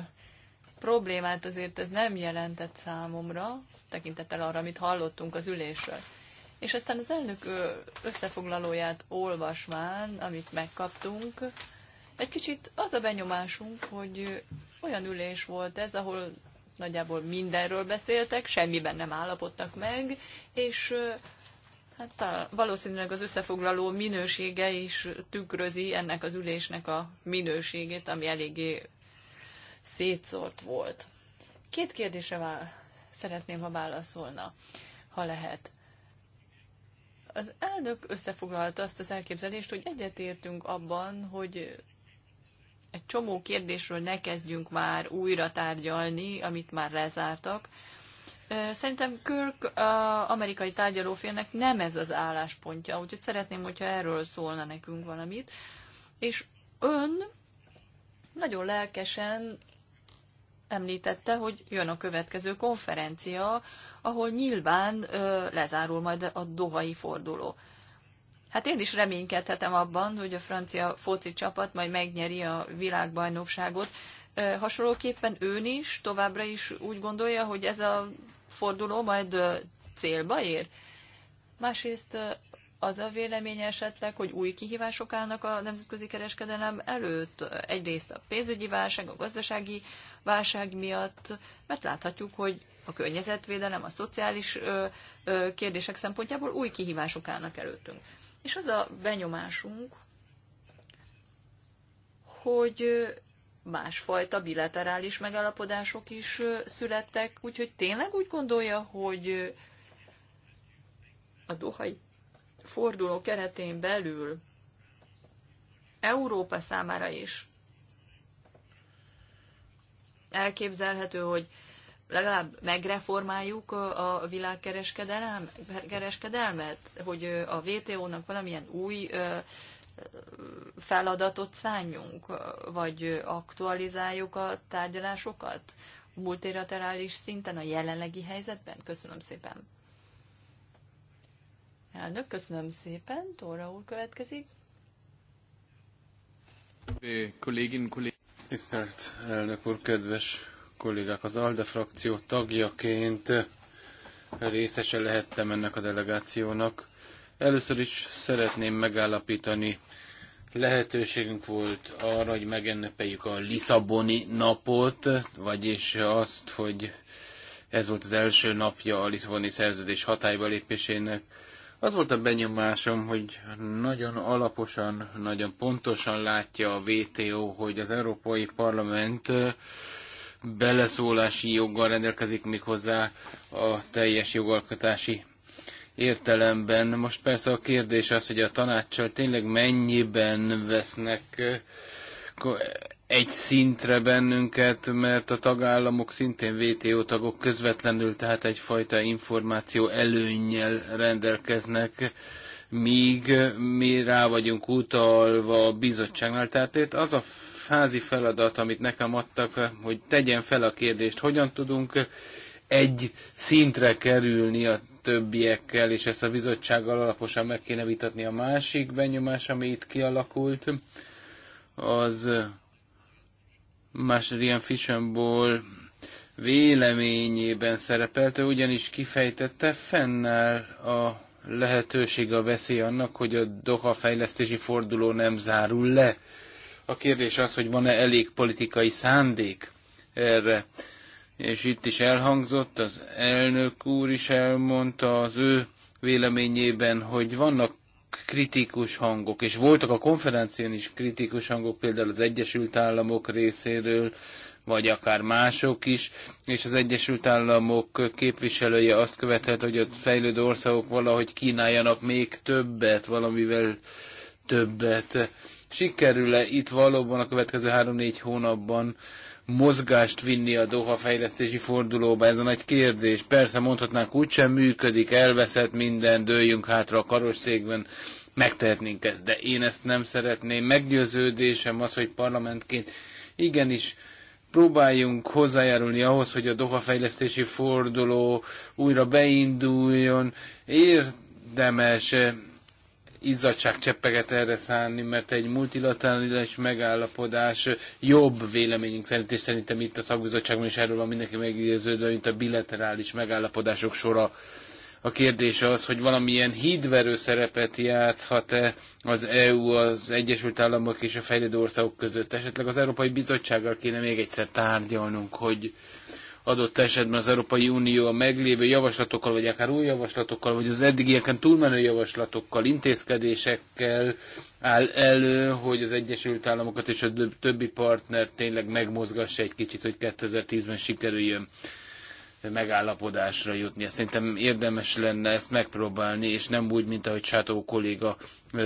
problémát azért ez nem jelentett számomra, tekintettel arra, amit hallottunk az ülésről. És aztán az elnök összefoglalóját olvasván, amit megkaptunk, egy kicsit az a benyomásunk, hogy olyan ülés volt ez, ahol nagyjából mindenről beszéltek, semmiben nem állapodtak meg, és hát a, valószínűleg az összefoglaló minősége is tükrözi ennek az ülésnek a minőségét, ami eléggé szétszórt volt. Két kérdése vál, szeretném, ha válaszolna, ha lehet. Az elnök összefoglalta azt az elképzelést, hogy egyetértünk abban, hogy egy csomó kérdésről ne kezdjünk már újra tárgyalni, amit már lezártak. Szerintem Kirk amerikai tárgyalófélnek nem ez az álláspontja, úgyhogy szeretném, hogyha erről szólna nekünk valamit. És ön nagyon lelkesen említette, hogy jön a következő konferencia, ahol nyilván ö, lezárul majd a dohai forduló. Hát én is reménykedhetem abban, hogy a francia foci csapat majd megnyeri a világbajnokságot. Hasonlóképpen ön is továbbra is úgy gondolja, hogy ez a forduló majd célba ér? Másrészt az a vélemény esetleg, hogy új kihívások állnak a nemzetközi kereskedelem előtt. Egyrészt a pénzügyi válság, a gazdasági válság miatt, mert láthatjuk, hogy a környezetvédelem, a szociális ö, ö, kérdések szempontjából új kihívások állnak előttünk. És az a benyomásunk, hogy másfajta bilaterális megállapodások is születtek, úgyhogy tényleg úgy gondolja, hogy a dohai forduló keretén belül Európa számára is elképzelhető, hogy legalább megreformáljuk a világkereskedelmet, hogy a WTO-nak valamilyen új feladatot szálljunk, vagy aktualizáljuk a tárgyalásokat multilaterális szinten a jelenlegi helyzetben? Köszönöm szépen. Elnök, köszönöm szépen. Tóra úr következik. Kollégin, kollég... Tisztelt elnök úr, kedves kollégák, az ALDE frakció tagjaként részese lehettem ennek a delegációnak. Először is szeretném megállapítani, lehetőségünk volt arra, hogy megennepeljük a Lisszaboni napot, vagyis azt, hogy ez volt az első napja a Lisszaboni szerződés hatálybalépésének. lépésének, az volt a benyomásom, hogy nagyon alaposan, nagyon pontosan látja a VTO, hogy az Európai Parlament beleszólási joggal rendelkezik hozzá a teljes jogalkotási értelemben. Most persze a kérdés az, hogy a tanácssal tényleg mennyiben vesznek egy szintre bennünket, mert a tagállamok szintén WTO tagok közvetlenül, tehát egyfajta információ előnnyel rendelkeznek, míg mi rá vagyunk utalva a bizottságnál. Tehát itt az a házi feladat, amit nekem adtak, hogy tegyen fel a kérdést, hogyan tudunk egy szintre kerülni a többiekkel, és ezt a bizottsággal alaposan meg kéne vitatni a másik benyomás, ami itt kialakult az más Rian Fishenból véleményében szerepelt, ő ugyanis kifejtette, fennáll a lehetőség, a veszély annak, hogy a Doha fejlesztési forduló nem zárul le. A kérdés az, hogy van-e elég politikai szándék erre. És itt is elhangzott, az elnök úr is elmondta az ő véleményében, hogy vannak kritikus hangok, és voltak a konferencián is kritikus hangok, például az Egyesült Államok részéről, vagy akár mások is, és az Egyesült Államok képviselője azt követelt, hogy a fejlődő országok valahogy kínáljanak még többet, valamivel többet. Sikerül-e itt valóban a következő három-négy hónapban mozgást vinni a Doha fejlesztési fordulóba? Ez a nagy kérdés. Persze mondhatnánk, úgysem működik, elveszett minden, dőljünk hátra a karosszégben, megtehetnénk ezt, de én ezt nem szeretném. Meggyőződésem az, hogy parlamentként igenis próbáljunk hozzájárulni ahhoz, hogy a Doha fejlesztési forduló újra beinduljon. Érdemes cseppeget erre szállni, mert egy multilaterális megállapodás jobb véleményünk szerint, és szerintem itt a szakbizottságban is erről van mindenki meggyőződve, mint a bilaterális megállapodások sora. A kérdés az, hogy valamilyen hídverő szerepet játszhat-e az EU, az Egyesült Államok és a fejlődő országok között. Esetleg az Európai Bizottsággal kéne még egyszer tárgyalnunk, hogy adott esetben az Európai Unió a meglévő javaslatokkal, vagy akár új javaslatokkal, vagy az eddigieken túlmenő javaslatokkal, intézkedésekkel áll elő, hogy az Egyesült Államokat és a többi partner tényleg megmozgassa egy kicsit, hogy 2010-ben sikerüljön megállapodásra jutni. Szerintem érdemes lenne ezt megpróbálni, és nem úgy, mint ahogy Sátó kolléga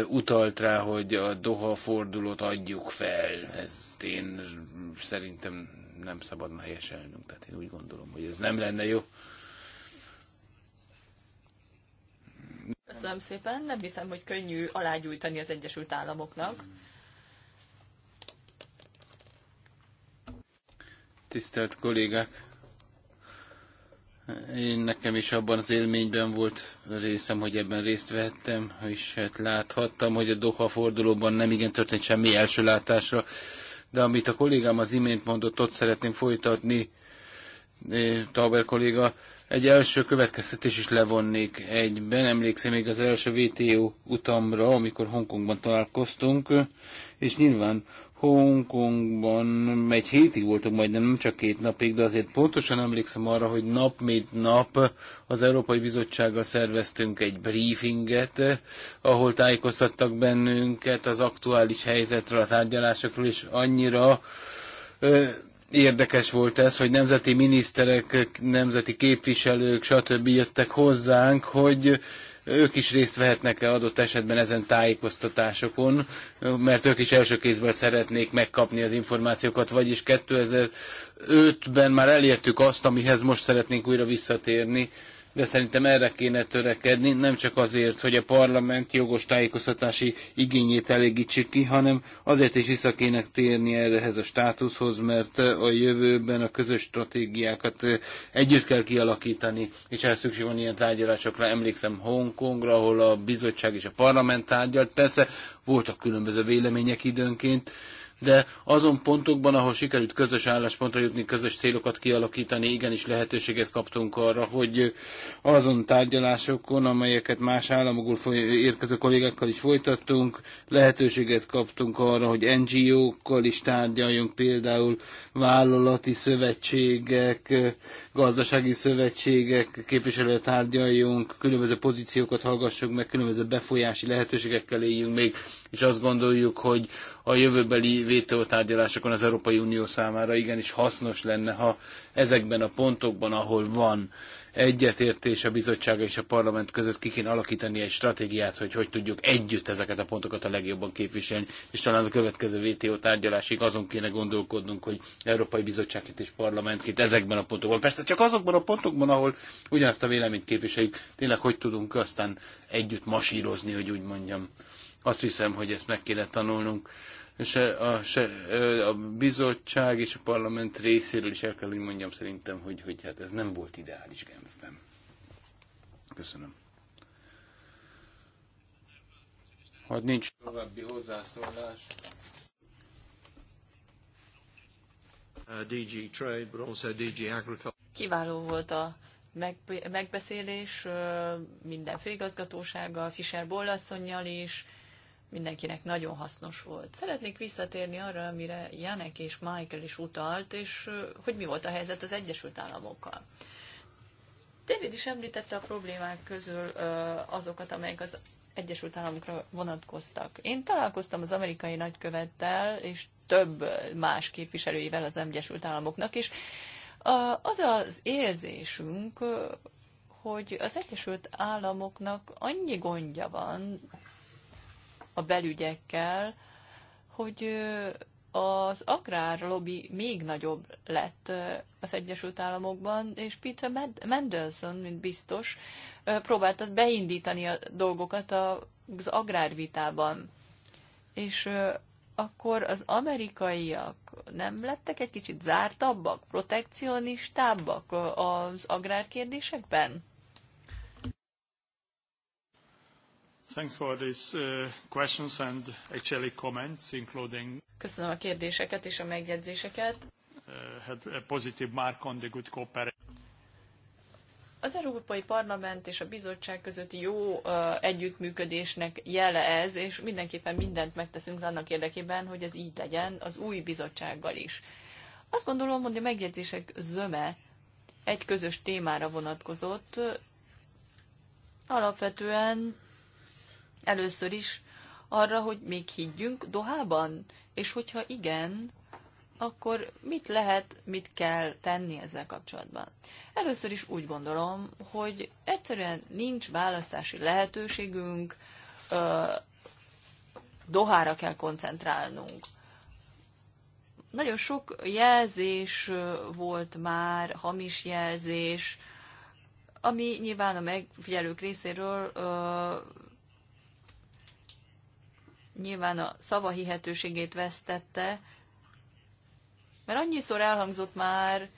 utalt rá, hogy a Doha fordulót adjuk fel. Ezt én szerintem nem szabadna helyeselnünk. Tehát én úgy gondolom, hogy ez nem lenne jó. Köszönöm szépen. Nem hiszem, hogy könnyű alágyújtani az Egyesült Államoknak. Tisztelt kollégák! Én nekem is abban az élményben volt részem, hogy ebben részt vettem, és hát láthattam, hogy a Doha fordulóban nem igen történt semmi első látásra de amit a kollégám az imént mondott, ott szeretném folytatni, eh, Tauber kolléga, egy első következtetés is levonnék egyben. Emlékszem még az első VTO utamra, amikor Hongkongban találkoztunk, és nyilván Hongkongban egy hétig voltunk majdnem, nem csak két napig, de azért pontosan emlékszem arra, hogy nap mint nap az Európai Bizottsággal szerveztünk egy briefinget, ahol tájékoztattak bennünket az aktuális helyzetről, a tárgyalásokról, és annyira érdekes volt ez, hogy nemzeti miniszterek, nemzeti képviselők, stb. jöttek hozzánk, hogy ők is részt vehetnek-e adott esetben ezen tájékoztatásokon, mert ők is első kézből szeretnék megkapni az információkat, vagyis 2005-ben már elértük azt, amihez most szeretnénk újra visszatérni, de szerintem erre kéne törekedni, nem csak azért, hogy a parlament jogos tájékoztatási igényét elégítsük ki, hanem azért is vissza kéne térni ehhez a státuszhoz, mert a jövőben a közös stratégiákat együtt kell kialakítani, és ehhez szükség van ilyen tárgyalásokra. Emlékszem Hongkongra, ahol a bizottság és a parlament tárgyalt, persze voltak különböző vélemények időnként, de azon pontokban, ahol sikerült közös álláspontra jutni, közös célokat kialakítani, igenis lehetőséget kaptunk arra, hogy azon tárgyalásokon, amelyeket más államokból érkező kollégákkal is folytattunk, lehetőséget kaptunk arra, hogy NGO-kkal is tárgyaljunk, például vállalati szövetségek, gazdasági szövetségek képviselő tárgyaljunk, különböző pozíciókat hallgassunk meg, különböző befolyási lehetőségekkel éljünk még, és azt gondoljuk, hogy a jövőbeli tárgyalásokon az Európai Unió számára igenis hasznos lenne, ha ezekben a pontokban, ahol van egyetértés a bizottsága és a parlament között ki kéne alakítani egy stratégiát, hogy hogy tudjuk együtt ezeket a pontokat a legjobban képviselni, és talán a következő WTO tárgyalásig azon kéne gondolkodnunk, hogy Európai Bizottságit és Parlamentként ezekben a pontokban, persze csak azokban a pontokban, ahol ugyanazt a véleményt képviseljük, tényleg hogy tudunk aztán együtt masírozni, hogy úgy mondjam. Azt hiszem, hogy ezt meg kéne tanulnunk és a, a bizottság és a parlament részéről is el kell, hogy mondjam szerintem, hogy, hogy hát ez nem volt ideális Genfben. Köszönöm. Ha nincs további hozzászólás. DG Trade, but also DG Agriculture. Kiváló volt a megbeszélés minden főigazgatósággal, Fischer Bollasszonynal is, mindenkinek nagyon hasznos volt. Szeretnék visszatérni arra, amire Janek és Michael is utalt, és hogy mi volt a helyzet az Egyesült Államokkal. David is említette a problémák közül azokat, amelyek az Egyesült Államokra vonatkoztak. Én találkoztam az amerikai nagykövettel és több más képviselőivel az Egyesült Államoknak, és az az érzésünk, hogy az Egyesült Államoknak annyi gondja van a belügyekkel, hogy az agrárlobby még nagyobb lett az Egyesült Államokban, és Peter Mendelssohn, mint biztos, próbálta beindítani a dolgokat az agrárvitában. És akkor az amerikaiak nem lettek egy kicsit zártabbak, protekcionistábbak az agrárkérdésekben? Thanks for these uh, questions and actually comments, including. Köszönöm a kérdéseket és a megjegyzéseket. Uh, had a positive mark on the good cooperation. Az Európai Parlament és a bizottság között jó uh, együttműködésnek jele ez, és mindenképpen mindent megteszünk annak érdekében, hogy ez így legyen az új bizottsággal is. Azt gondolom, hogy a megjegyzések zöme egy közös témára vonatkozott. Alapvetően Először is arra, hogy még higgyünk Dohában? És hogyha igen, akkor mit lehet, mit kell tenni ezzel kapcsolatban? Először is úgy gondolom, hogy egyszerűen nincs választási lehetőségünk, Dohára kell koncentrálnunk. Nagyon sok jelzés volt már, hamis jelzés, ami nyilván a megfigyelők részéről nyilván a szava hihetőségét vesztette, mert annyiszor elhangzott már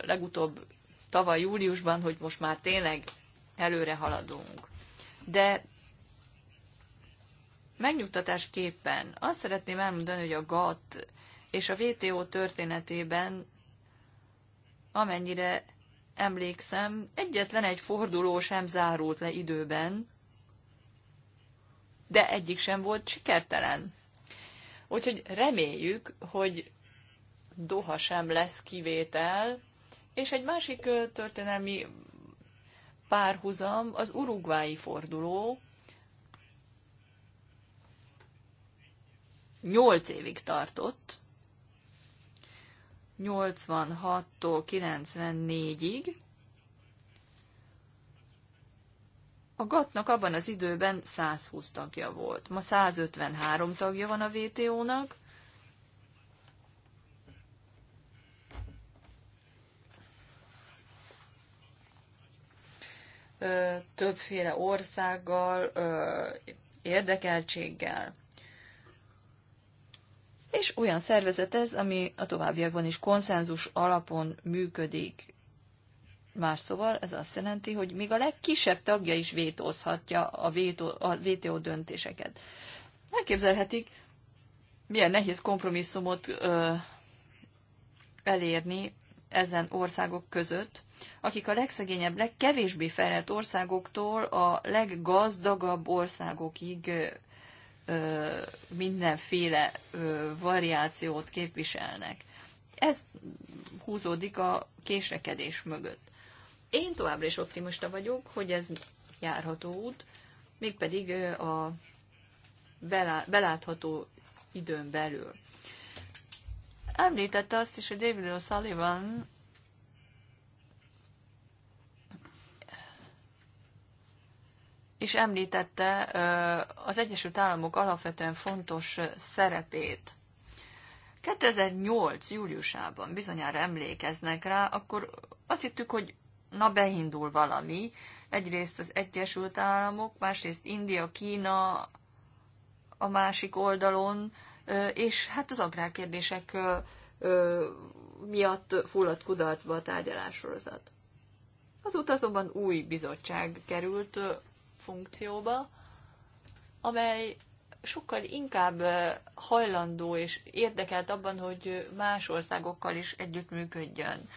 legutóbb tavaly júliusban, hogy most már tényleg előre haladunk. De megnyugtatásképpen azt szeretném elmondani, hogy a GATT és a VTO történetében, amennyire emlékszem, egyetlen egy forduló sem zárult le időben, de egyik sem volt sikertelen. Úgyhogy reméljük, hogy Doha sem lesz kivétel, és egy másik történelmi párhuzam az urugvái forduló. Nyolc évig tartott, 86-tól 94-ig, A GATT-nak abban az időben 120 tagja volt. Ma 153 tagja van a vto nak Többféle országgal, érdekeltséggel. És olyan szervezet ez, ami a továbbiakban is konszenzus alapon működik. Más szóval ez azt jelenti, hogy még a legkisebb tagja is vétózhatja a, vétó, a VTO döntéseket. Elképzelhetik, milyen nehéz kompromisszumot ö, elérni ezen országok között, akik a legszegényebb, legkevésbé fejlett országoktól a leggazdagabb országokig ö, mindenféle ö, variációt képviselnek. Ez húzódik a késrekedés mögött. Én továbbra is optimista vagyok, hogy ez járható út, mégpedig a belátható időn belül. Említette azt is, hogy David O'Sullivan és említette az Egyesült Államok alapvetően fontos szerepét. 2008. júliusában bizonyára emlékeznek rá, akkor azt hittük, hogy na beindul valami. Egyrészt az Egyesült Államok, másrészt India, Kína a másik oldalon, és hát az agrárkérdések miatt fulladt kudarcba a tárgyalássorozat. Azóta azonban új bizottság került funkcióba, amely sokkal inkább hajlandó és érdekelt abban, hogy más országokkal is együttműködjön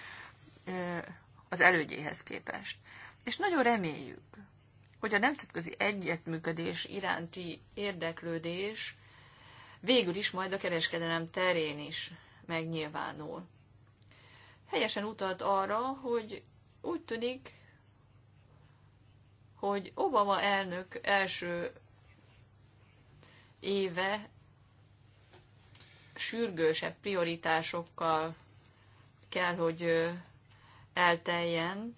az elődjéhez képest. És nagyon reméljük, hogy a nemzetközi egyetműködés iránti érdeklődés végül is majd a kereskedelem terén is megnyilvánul. Helyesen utalt arra, hogy úgy tűnik, hogy Obama elnök első éve sürgősebb prioritásokkal kell, hogy elteljen.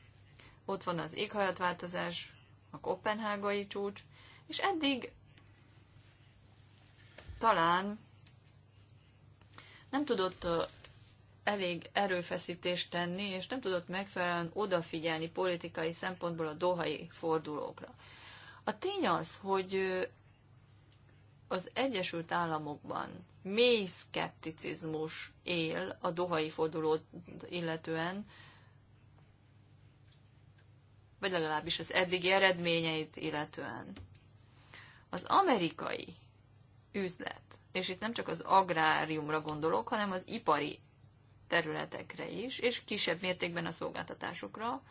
Ott van az éghajlatváltozás, a kopenhágai csúcs, és eddig talán nem tudott elég erőfeszítést tenni, és nem tudott megfelelően odafigyelni politikai szempontból a dohai fordulókra. A tény az, hogy az Egyesült Államokban mély szkepticizmus él a dohai fordulót illetően, vagy legalábbis az eddigi eredményeit illetően. Az amerikai üzlet, és itt nem csak az agráriumra gondolok, hanem az ipari területekre is, és kisebb mértékben a szolgáltatásokra,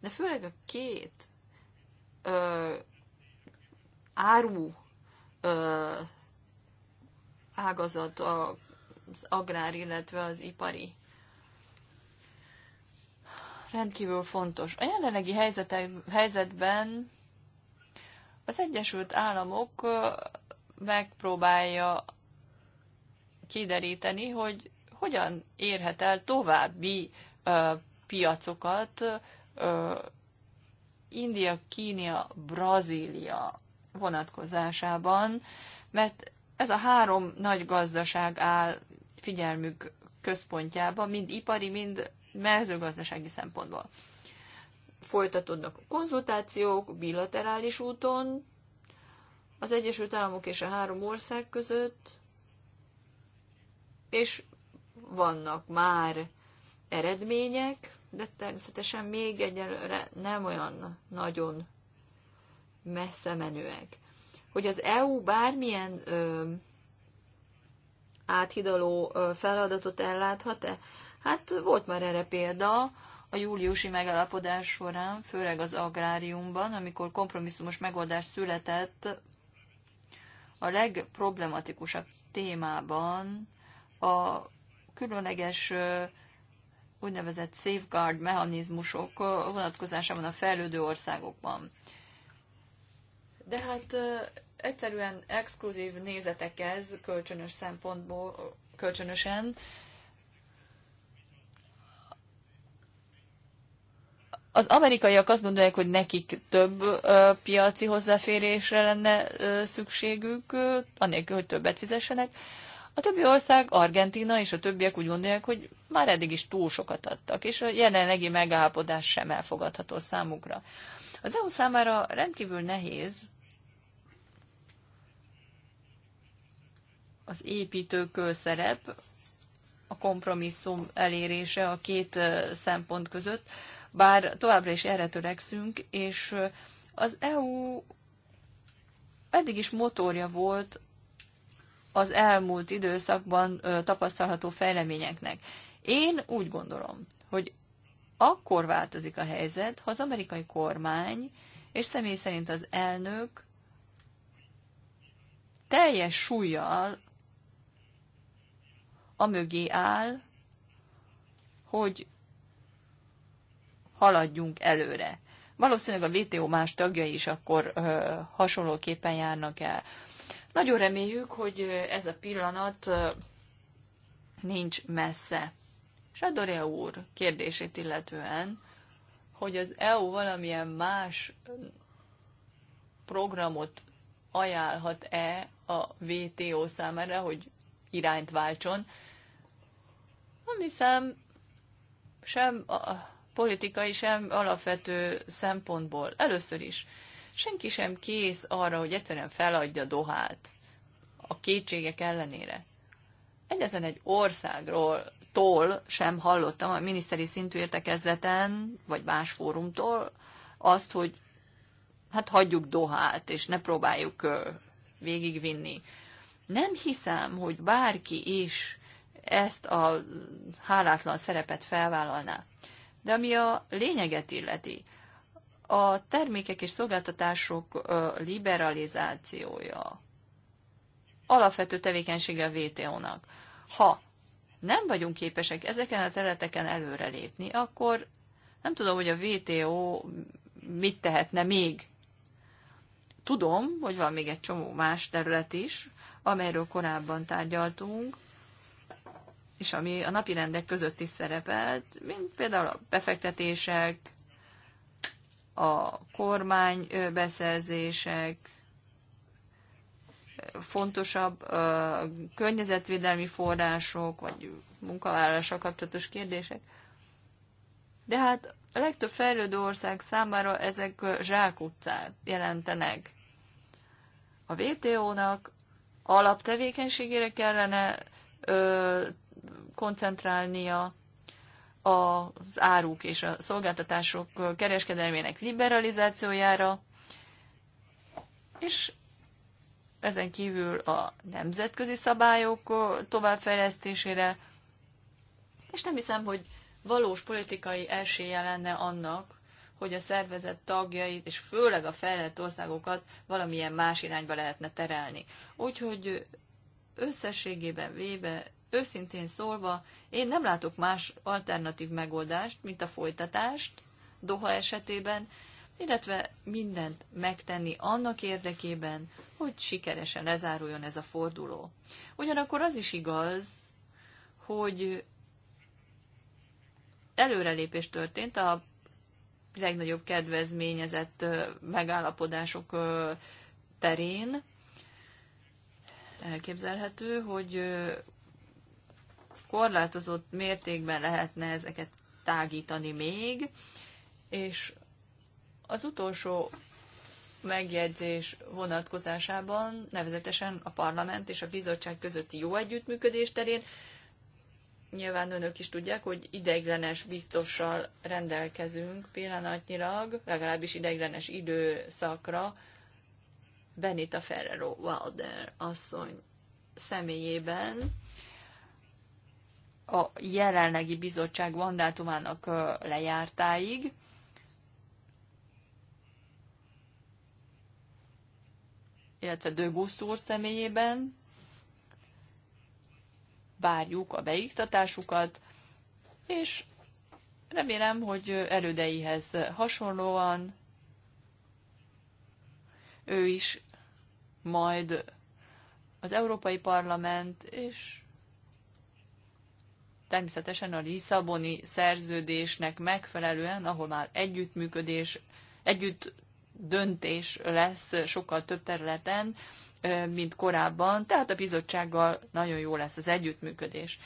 de főleg a két ö, áru ö, ágazat, az agrár, illetve az ipari rendkívül fontos. A jelenlegi helyzetben az Egyesült Államok megpróbálja kideríteni, hogy hogyan érhet el további piacokat India, Kínia, Brazília vonatkozásában, mert ez a három nagy gazdaság áll figyelmük központjába, mind ipari, mind mezőgazdasági szempontból. Folytatódnak a konzultációk bilaterális úton az Egyesült Államok és a három ország között, és vannak már eredmények, de természetesen még egyelőre nem olyan nagyon messze menőek. Hogy az EU bármilyen ö, áthidaló ö, feladatot elláthat-e? Hát volt már erre példa a júliusi megállapodás során, főleg az agráriumban, amikor kompromisszumos megoldás született a legproblematikusabb témában, a különleges úgynevezett safeguard mechanizmusok vonatkozásában a fejlődő országokban. De hát egyszerűen exkluzív nézetek ez kölcsönös szempontból, kölcsönösen, Az amerikaiak azt gondolják, hogy nekik több ö, piaci hozzáférésre lenne ö, szükségük, ö, anélkül, hogy többet fizessenek. A többi ország, Argentina és a többiek úgy gondolják, hogy már eddig is túl sokat adtak, és a jelenlegi megállapodás sem elfogadható számukra. Az EU számára rendkívül nehéz az építőkő szerep, a kompromisszum elérése a két szempont között, bár továbbra is erre törekszünk, és az EU eddig is motorja volt az elmúlt időszakban tapasztalható fejleményeknek. Én úgy gondolom, hogy akkor változik a helyzet, ha az amerikai kormány, és személy szerint az elnök teljes súlyjal a mögé áll, hogy haladjunk előre. Valószínűleg a VTO más tagjai is akkor ö, hasonlóképpen járnak el. Nagyon reméljük, hogy ez a pillanat ö, nincs messze. Sadorea úr kérdését illetően, hogy az EU valamilyen más programot ajánlhat-e a VTO számára, hogy irányt váltson. Nem hiszem, sem a politikai, sem alapvető szempontból. Először is, senki sem kész arra, hogy egyszerűen feladja dohát a kétségek ellenére. Egyetlen egy országról tól sem hallottam a miniszteri szintű értekezleten, vagy más fórumtól azt, hogy hát hagyjuk dohát, és ne próbáljuk végigvinni. Nem hiszem, hogy bárki is ezt a hálátlan szerepet felvállalná. De ami a lényeget illeti, a termékek és szolgáltatások liberalizációja alapvető tevékenysége a VTO-nak. Ha nem vagyunk képesek ezeken a területeken előrelépni, akkor nem tudom, hogy a VTO mit tehetne még. Tudom, hogy van még egy csomó más terület is, amelyről korábban tárgyaltunk, és ami a napi rendek között is szerepelt, mint például a befektetések, a kormány beszerzések, fontosabb környezetvédelmi források, vagy munkavállalással kapcsolatos kérdések. De hát a legtöbb fejlődő ország számára ezek zsákutcát jelentenek. A WTO-nak alaptevékenységére kellene ö, koncentrálnia az áruk és a szolgáltatások kereskedelmének liberalizációjára, és ezen kívül a nemzetközi szabályok továbbfejlesztésére, és nem hiszem, hogy valós politikai esélye lenne annak, hogy a szervezet tagjait, és főleg a fejlett országokat valamilyen más irányba lehetne terelni. Úgyhogy összességében véve, őszintén szólva, én nem látok más alternatív megoldást, mint a folytatást Doha esetében, illetve mindent megtenni annak érdekében, hogy sikeresen lezáruljon ez a forduló. Ugyanakkor az is igaz, hogy előrelépés történt a legnagyobb kedvezményezett megállapodások terén. Elképzelhető, hogy korlátozott mértékben lehetne ezeket tágítani még, és az utolsó megjegyzés vonatkozásában, nevezetesen a parlament és a bizottság közötti jó együttműködés terén nyilván önök is tudják, hogy ideiglenes biztossal rendelkezünk pillanatnyilag, legalábbis ideiglenes időszakra, Benita Ferrero Wilder asszony személyében a jelenlegi bizottság mandátumának lejártáig. illetve Dögusz úr személyében, várjuk a beiktatásukat, és remélem, hogy elődeihez hasonlóan ő is majd az Európai Parlament és természetesen a Lisszaboni szerződésnek megfelelően, ahol már együttműködés, együtt döntés lesz sokkal több területen, mint korábban, tehát a bizottsággal nagyon jó lesz az együttműködés.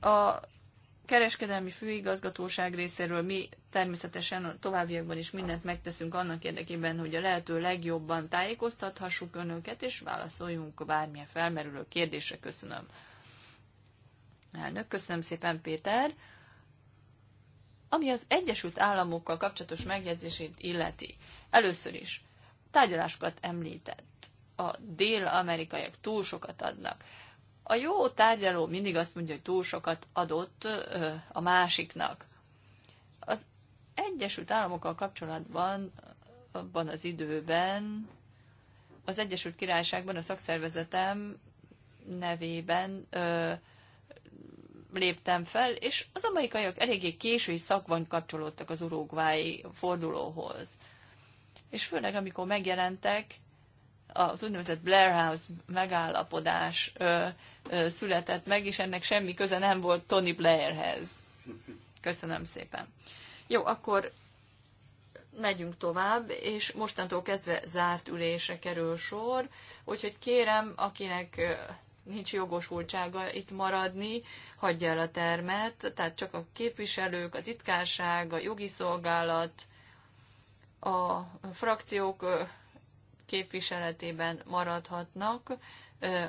A kereskedelmi főigazgatóság részéről mi természetesen a továbbiakban is mindent megteszünk annak érdekében, hogy a lehető legjobban tájékoztathassuk önöket, és válaszoljunk bármilyen felmerülő kérdésre. Köszönöm. Elnök, köszönöm szépen, Péter. Ami az Egyesült Államokkal kapcsolatos megjegyzését illeti, először is tárgyalásokat említett a dél-amerikaiak túl sokat adnak. A jó tárgyaló mindig azt mondja, hogy túl sokat adott a másiknak. Az Egyesült Államokkal kapcsolatban abban az időben az Egyesült Királyságban a szakszervezetem nevében ö, léptem fel, és az amerikaiak eléggé késői szakban kapcsolódtak az urugvái fordulóhoz. És főleg, amikor megjelentek, az úgynevezett Blair House megállapodás ö, ö, született meg, és ennek semmi köze nem volt Tony Blairhez. Köszönöm szépen. Jó, akkor megyünk tovább, és mostantól kezdve zárt ülésre kerül sor, úgyhogy kérem, akinek nincs jogosultsága itt maradni, hagyja el a termet, tehát csak a képviselők, a titkárság, a jogi szolgálat, a frakciók képviseletében maradhatnak.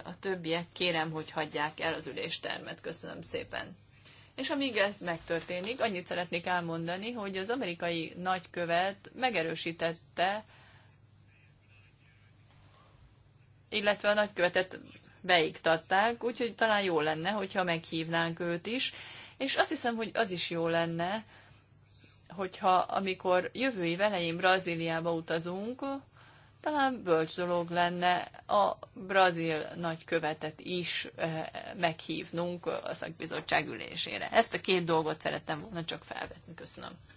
A többiek kérem, hogy hagyják el az üléstermet. Köszönöm szépen. És amíg ez megtörténik, annyit szeretnék elmondani, hogy az amerikai nagykövet megerősítette, illetve a nagykövetet beiktatták, úgyhogy talán jó lenne, hogyha meghívnánk őt is, és azt hiszem, hogy az is jó lenne, hogyha amikor jövői velején Brazíliába utazunk, talán bölcs dolog lenne a brazil nagykövetet is eh, meghívnunk a szakbizottság ülésére. Ezt a két dolgot szerettem volna csak felvetni. Köszönöm.